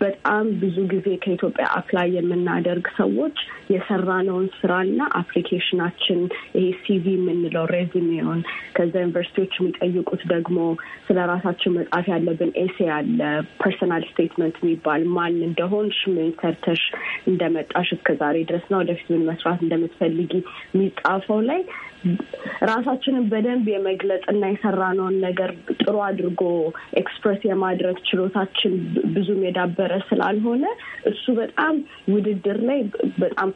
በጣም ብዙ ጊዜ ከኢትዮጵያ አፕላይ የምናደርግ ሰዎች የሰራነውን ስራና አፕሊኬሽናችን ይሄ ሲቪ የምንለው ሬዚሜውን፣ ከዛ ዩኒቨርሲቲዎች የሚጠይቁት ደግሞ ስለ ራሳችን መጻፍ ያለብን ኤሴ አለ ፐርሰናል ስቴትመንት የሚባል ማን እንደሆንሽ፣ ምን ሰርተሽ እንደመጣሽ እስከዛሬ ድረስ ወደፊት ምን መስራት እንደምትፈልጊ የሚጻፈው ላይ ራሳችንን በደንብ የመግለጽ እና የሰራነውን ነገር ጥሩ አድርጎ ኤክስፕሬስ የማድረግ ችሎታችን ብዙም የዳበረ ስላልሆነ እሱ በጣም ውድድር ላይ በጣም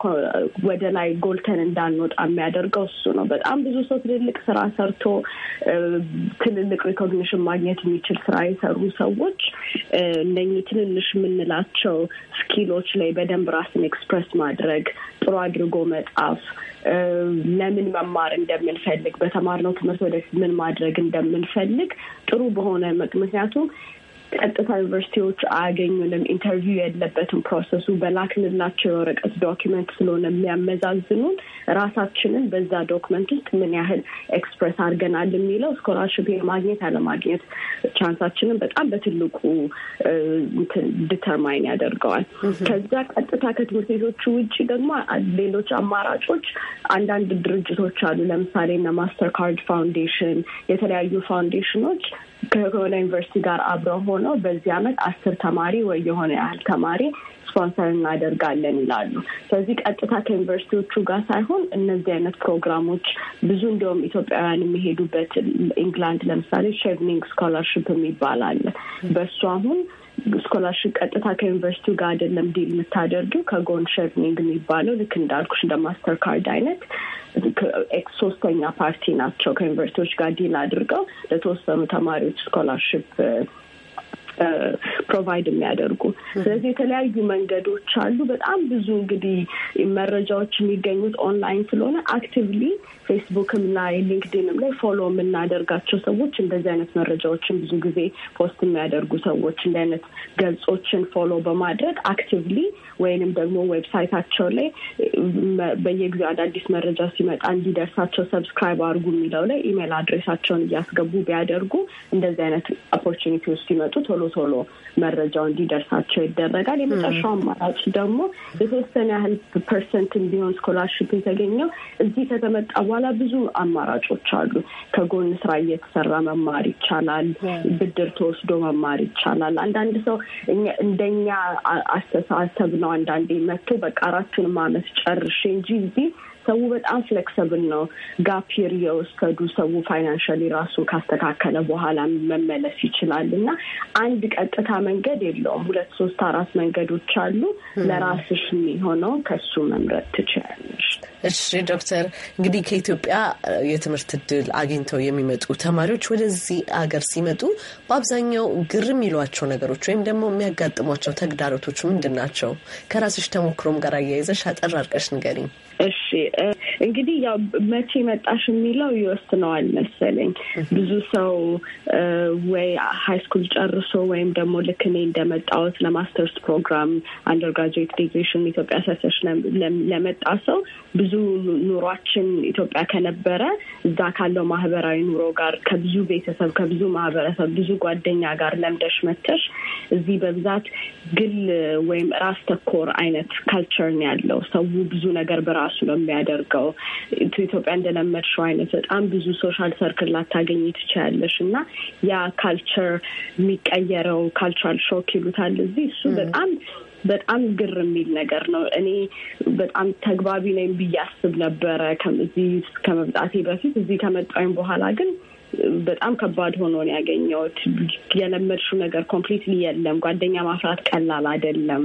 ወደ ላይ ጎልተን እንዳንወጣ የሚያደርገው እሱ ነው። በጣም ብዙ ሰው ትልልቅ ስራ ሰርቶ ትልልቅ ሪኮግኒሽን ማግኘት የሚችል ስራ የሰሩ ሰዎች እነኚህ ትንንሽ የምንላቸው ስኪሎች ላይ በደንብ ራስን ኤክስፕሬስ ማድረግ ጥሩ አድርጎ መጻፍ ለምን መማር እንደምንፈልግ በተማርነው ትምህርት ወደፊት ምን ማድረግ እንደምንፈልግ ጥሩ በሆነ ምክንያቱም ቀጥታ ዩኒቨርሲቲዎች አያገኙንም። ኢንተርቪው የለበትም። ፕሮሰሱ በላክንላቸው የወረቀት ዶኪመንት ስለሆነ የሚያመዛዝኑን ራሳችንን በዛ ዶክመንት ውስጥ ምን ያህል ኤክስፕሬስ አድርገናል የሚለው ስኮላርሽፕ የማግኘት አለማግኘት ቻንሳችንን በጣም በትልቁ ዲተርማይን ያደርገዋል። ከዛ ቀጥታ ከትምህርት ቤቶቹ ውጭ ደግሞ ሌሎች አማራጮች አንዳንድ ድርጅቶች አሉ። ለምሳሌ እነ ማስተር ካርድ ፋውንዴሽን፣ የተለያዩ ፋውንዴሽኖች ከሆነ ዩኒቨርሲቲ ጋር አብረው ሆነው በዚህ አመት አስር ተማሪ ወይ የሆነ ያህል ተማሪ ስፖንሰር እናደርጋለን ይላሉ። ስለዚህ ቀጥታ ከዩኒቨርሲቲዎቹ ጋር ሳይሆን እነዚህ አይነት ፕሮግራሞች ብዙ እንዲሁም ኢትዮጵያውያን የሚሄዱበት ኢንግላንድ ለምሳሌ ሼቭኒንግ ስኮላርሽፕ የሚባል አለ። በእሱ አሁን ስኮላርሽፕ ቀጥታ ከዩኒቨርሲቲው ጋር አይደለም ዲል የምታደርጊው ከጎን ሸርኒንግ የሚባለው ልክ እንዳልኩሽ እንደ ማስተር ካርድ አይነት ኤክስ ሶስተኛ ፓርቲ ናቸው ከዩኒቨርሲቲዎች ጋር ዲል አድርገው ለተወሰኑ ተማሪዎች ስኮላርሽፕ ፕሮቫይድ የሚያደርጉ ስለዚህ የተለያዩ መንገዶች አሉ። በጣም ብዙ እንግዲህ መረጃዎች የሚገኙት ኦንላይን ስለሆነ አክቲቭሊ ፌስቡክም ላይ ሊንክዲንም ላይ ፎሎ የምናደርጋቸው ሰዎች እንደዚህ አይነት መረጃዎችን ብዙ ጊዜ ፖስት የሚያደርጉ ሰዎች እንደ አይነት ገጾችን ፎሎ በማድረግ አክቲቭሊ ወይንም ደግሞ ዌብሳይታቸው ላይ በየጊዜው አዳዲስ መረጃ ሲመጣ እንዲደርሳቸው ሰብስክራይብ አድርጉ የሚለው ላይ ኢሜል አድሬሳቸውን እያስገቡ ቢያደርጉ እንደዚህ አይነት ኦፖርቹኒቲዎች ሲመጡ ቶሎ ቶሎ መረጃው እንዲደርሳቸው ይደረጋል። የመጨረሻው አማራጭ ደግሞ የተወሰነ ያህል ፐርሰንት ቢሆን ስኮላርሽፕ የተገኘው እዚህ ከተመጣ በኋላ ብዙ አማራጮች አሉ። ከጎን ስራ እየተሰራ መማር ይቻላል። ብድር ተወስዶ መማር ይቻላል። አንዳንድ ሰው እንደኛ አስተሳሰብ ነው። አንዳንዴ መጥቶ በቃ አራቱን አመት ጨርሼ እንጂ እዚህ ሰው በጣም ፍለክሰብል ነው። ጋፒር የወሰዱ ሰው ፋይናንሻሊ ራሱ ካስተካከለ በኋላ መመለስ ይችላል እና አንድ ቀጥታ መንገድ የለውም። ሁለት ሶስት አራት መንገዶች አሉ። hmm. ለራስሽ የሚሆነው ከሱ መምረጥ ትችላለሽ። እሺ ዶክተር
እንግዲህ ከኢትዮጵያ የትምህርት እድል አግኝተው የሚመጡ ተማሪዎች ወደዚህ አገር ሲመጡ በአብዛኛው ግር የሚሏቸው ነገሮች ወይም ደግሞ የሚያጋጥሟቸው ተግዳሮቶች ምንድን
ናቸው? ከራስሽ ተሞክሮም ጋር አያይዘሽ አጠራርቀሽ ንገሪኝ። እሺ እንግዲህ ያው መቼ መጣሽ የሚለው ይወስነዋል መሰለኝ። ብዙ ሰው ወይ ሀይ ስኩል ጨርሶ ወይም ደግሞ ልክ እኔ እንደመጣሁት ለማስተርስ ፕሮግራም አንደር ግራጁዌት ዲግሪሽን ኢትዮጵያ ሰሰሽ ለመጣ ሰው ብዙ ኑሯችን ኢትዮጵያ ከነበረ እዛ ካለው ማህበራዊ ኑሮ ጋር ከብዙ ቤተሰብ ከብዙ ማህበረሰብ ብዙ ጓደኛ ጋር ለምደሽ መተሽ እዚህ በብዛት ግል ወይም ራስ ተኮር አይነት ካልቸር ነው ያለው። ሰው ብዙ ነገር በራሱ ነው የሚያደርገው። ኢትዮጵያ እንደለመድሽው አይነት በጣም ብዙ ሶሻል ሰርክል ላታገኝ ትችያለሽ እና ያ ካልቸር የሚቀየረው ካልቸራል ሾክ ይሉታል እዚህ እሱ በጣም በጣም ግር የሚል ነገር ነው። እኔ በጣም ተግባቢ ነኝ ብዬ አስብ ነበረ እዚህ ከመምጣቴ በፊት። እዚህ ከመጣሁኝ በኋላ ግን በጣም ከባድ ሆኖ ነው ያገኘሁት። የለመድሽው ነገር ኮምፕሊትሊ የለም። ጓደኛ ማፍራት ቀላል አይደለም።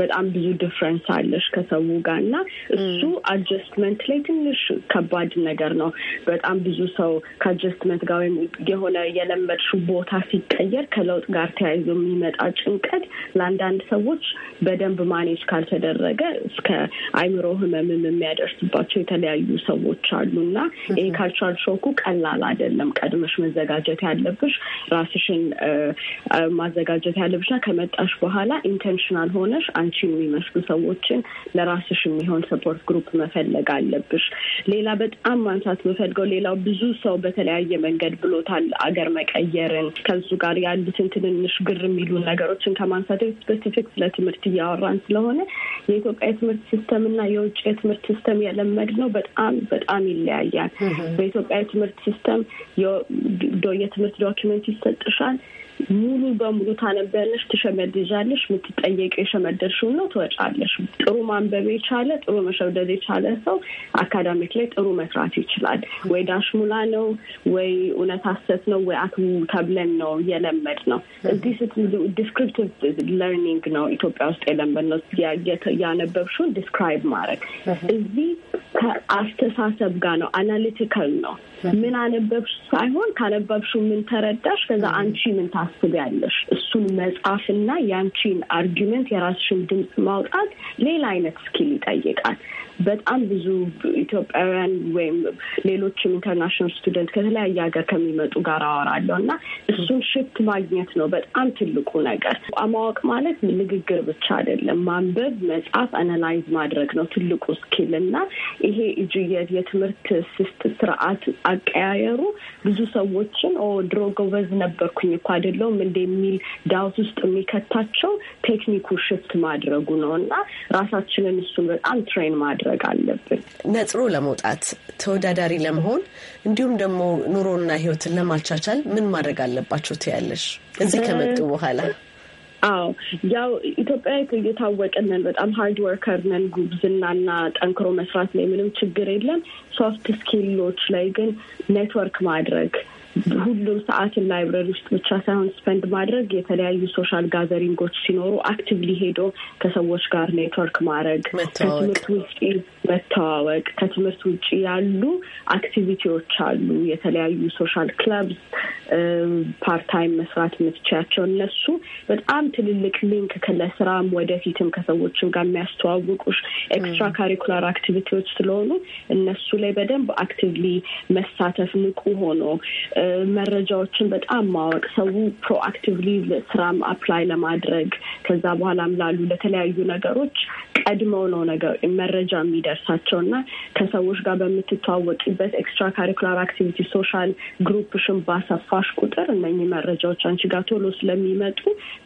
በጣም ብዙ ዲፍረንስ አለሽ ከሰው ጋር እና እሱ አጀስትመንት ላይ ትንሽ ከባድ ነገር ነው። በጣም ብዙ ሰው ከአጀስትመንት ጋር ወይም የሆነ የለመድሽው ቦታ ሲቀየር ከለውጥ ጋር ተያይዞ የሚመጣ ጭንቀት ለአንዳንድ ሰዎች በደንብ ማኔጅ ካልተደረገ እስከ አይምሮ ህመምም የሚያደርስባቸው የተለያዩ ሰዎች አሉ እና ይህ ካልቸራል ሾኩ ቀላል አይደለም። ቀድመሽ መዘጋጀት ያለብሽ ራስሽን ማዘጋጀት ያለብሽ ከመጣሽ በኋላ ኢንቴንሽናል ሆነሽ አንቺ የሚመስሉ ሰዎችን ለራስሽ የሚሆን ሰፖርት ግሩፕ መፈለግ አለብሽ። ሌላ በጣም ማንሳት መፈልገው ሌላው ብዙ ሰው በተለያየ መንገድ ብሎታል። አገር መቀየርን ከሱ ጋር ያሉትን ትንንሽ ግር የሚሉ ነገሮችን ከማንሳት ስፔሲፊክ ስለ ትምህርት እያወራን ስለሆነ የኢትዮጵያ የትምህርት ሲስተም እና የውጭ የትምህርት ሲስተም የለመድ ነው በጣም በጣም ይለያያል። በኢትዮጵያ የትምህርት ሲስተም የትምህርት ዶኪመንት ይሰጥሻል። ሙሉ በሙሉ ታነቢያለሽ፣ ትሸመድዣለሽ። የምትጠየቂው የሸመደድሽው ነው፣ ትወጫለሽ። ጥሩ ማንበብ የቻለ ጥሩ መሸምደድ የቻለ ሰው አካዳሚክ ላይ ጥሩ መስራት ይችላል። ወይ ዳሽሙላ ነው ወይ እውነት አሰት ነው ወይ አክሙ ተብለን ነው የለመድ ነው። እዚህ ስት ዲስክሪፕቲቭ ለርኒንግ ነው ኢትዮጵያ ውስጥ የለመድ ነው፣ ያነበብሽውን ዲስክራይብ ማድረግ። እዚህ ከአስተሳሰብ ጋር ነው፣ አናሊቲካል ነው። ምን አነበብሽ ሳይሆን ካነበብሽው ምን ተረዳሽ፣ ከዛ አንቺ ምን ታስ ታስቢያለሽ። እሱን መጻፍና ያንቺን አርጊመንት የራስሽን ድምፅ ማውጣት ሌላ አይነት ስኪል ይጠይቃል። በጣም ብዙ ኢትዮጵያውያን ወይም ሌሎችም ኢንተርናሽናል ስቱደንት ከተለያየ ሀገር ከሚመጡ ጋር አወራለሁ እና እሱን ሽፍት ማግኘት ነው በጣም ትልቁ ነገር። ማወቅ ማለት ንግግር ብቻ አይደለም። ማንበብ፣ መጻፍ፣ አናላይዝ ማድረግ ነው ትልቁ ስኪል እና ይሄ የትምህርት ስርዓት አቀያየሩ ብዙ ሰዎችን ድሮ ጎበዝ ነበርኩኝ እኮ አይደለ አይደለውም እንደ የሚል ዳውት ውስጥ የሚከታቸው ቴክኒኩ ሽፍት ማድረጉ ነው እና ራሳችንን እሱን በጣም ትሬን ማድረግ አለብን። ነጥሮ ለመውጣት
ተወዳዳሪ ለመሆን እንዲሁም ደግሞ ኑሮና ህይወትን ለማቻቻል ምን ማድረግ አለባቸው
ትያለሽ እዚህ ከመጡ በኋላ? አዎ ያው ኢትዮጵያ እየታወቅነን በጣም ሀርድ ወርከር ነን። ጉብዝናና ጠንክሮ መስራት ላይ ምንም ችግር የለም። ሶፍት ስኪሎች ላይ ግን ኔትወርክ ማድረግ ሁሉም ሰዓትን ላይብረሪ ውስጥ ብቻ ሳይሆን ስፔንድ ማድረግ የተለያዩ ሶሻል ጋዘሪንጎች ሲኖሩ አክቲቭሊ ሄዶ ከሰዎች ጋር ኔትወርክ ማድረግ፣ ከትምህርት ውጭ መተዋወቅ፣ ከትምህርት ውጭ ያሉ አክቲቪቲዎች አሉ። የተለያዩ ሶሻል ክለብስ ፓርታይም መስራት የምትችያቸው እነሱ በጣም ትልልቅ ሊንክ ከለስራም ወደፊትም ከሰዎችም ጋር የሚያስተዋውቁሽ ኤክስትራ ካሪኩላር አክቲቪቲዎች ስለሆኑ እነሱ ላይ በደንብ አክቲቭሊ መሳተፍ ንቁ ሆኖ መረጃዎችን በጣም ማወቅ፣ ሰው ፕሮአክቲቭሊ ስራም አፕላይ ለማድረግ ከዛ በኋላም ላሉ ለተለያዩ ነገሮች ቀድመው ነው ነገር መረጃ የሚደርሳቸው እና ከሰዎች ጋር በምትተዋወቂበት ኤክስትራ ካሪኩላር አክቲቪቲ ሶሻል ግሩፕሽን ባሰፋሽ ቁጥር እነኚህ መረጃዎች አንቺ ጋር ቶሎ ስለሚመጡ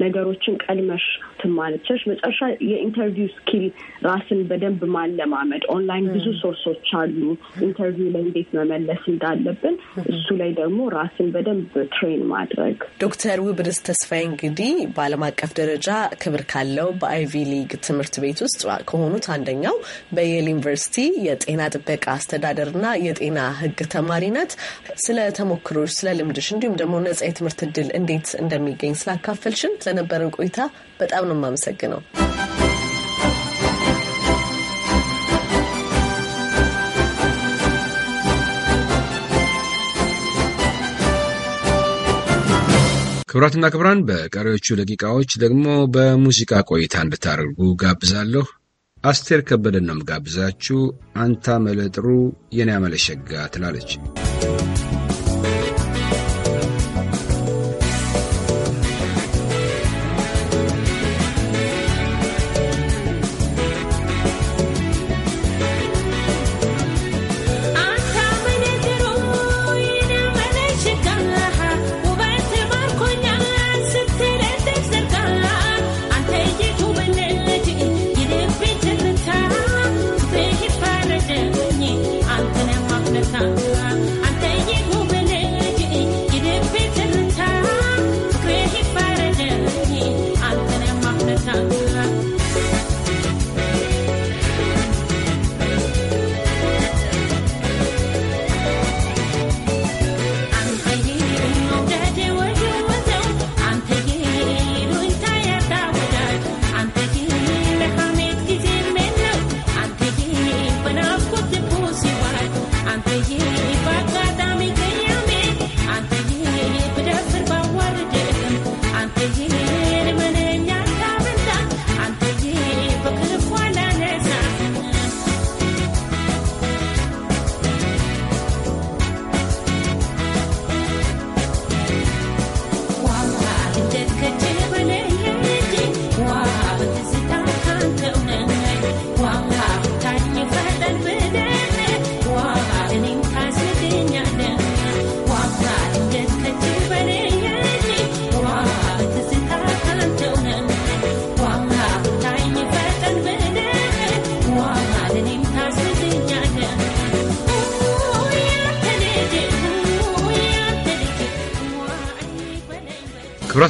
ነገሮችን ቀድመሽ ትማለቸሽ። መጨረሻ የኢንተርቪው ስኪል ራስን በደንብ ማለማመድ፣ ኦንላይን ብዙ ሶርሶች አሉ ኢንተርቪው ላይ እንዴት መመለስ እንዳለብን እሱ ላይ ደግሞ ራስን በደንብ ትሬን ማድረግ። ዶክተር ውብርስ
ተስፋዬ እንግዲህ በዓለም አቀፍ ደረጃ ክብር ካለው በአይቪ ሊግ ትምህርት ቤት ውስጥ ከሆኑት አንደኛው በየል ዩኒቨርሲቲ የጤና ጥበቃ አስተዳደርና የጤና ሕግ ተማሪነት ስለ ተሞክሮች፣ ስለ ልምድሽ እንዲሁም ደግሞ ነጻ የትምህርት እድል እንዴት እንደሚገኝ ስላካፈልሽን ስለነበረን ቆይታ በጣም ነው የማመሰግነው።
ክብራትና ክብራን፣ በቀሪዎቹ ደቂቃዎች ደግሞ በሙዚቃ ቆይታ እንድታደርጉ ጋብዛለሁ። አስቴር ከበደን ነው ጋብዛችሁ አንታ መለጥሩ የኔ አመለሸጋ ትላለች።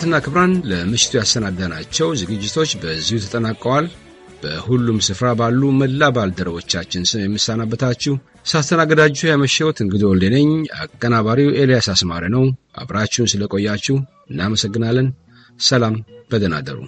ክቡራትና ክቡራን ለምሽቱ ያሰናዳናቸው ዝግጅቶች በዚሁ ተጠናቀዋል። በሁሉም ስፍራ ባሉ መላ ባልደረቦቻችን ስም የምሰናበታችሁ ሳስተናግዳችሁ ያመሸሁት እንግዶ ወልዴ ነኝ። አቀናባሪው ኤልያስ አስማሪ ነው። አብራችሁን ስለቆያችሁ እናመሰግናለን። ሰላም፣ በደህና እደሩ።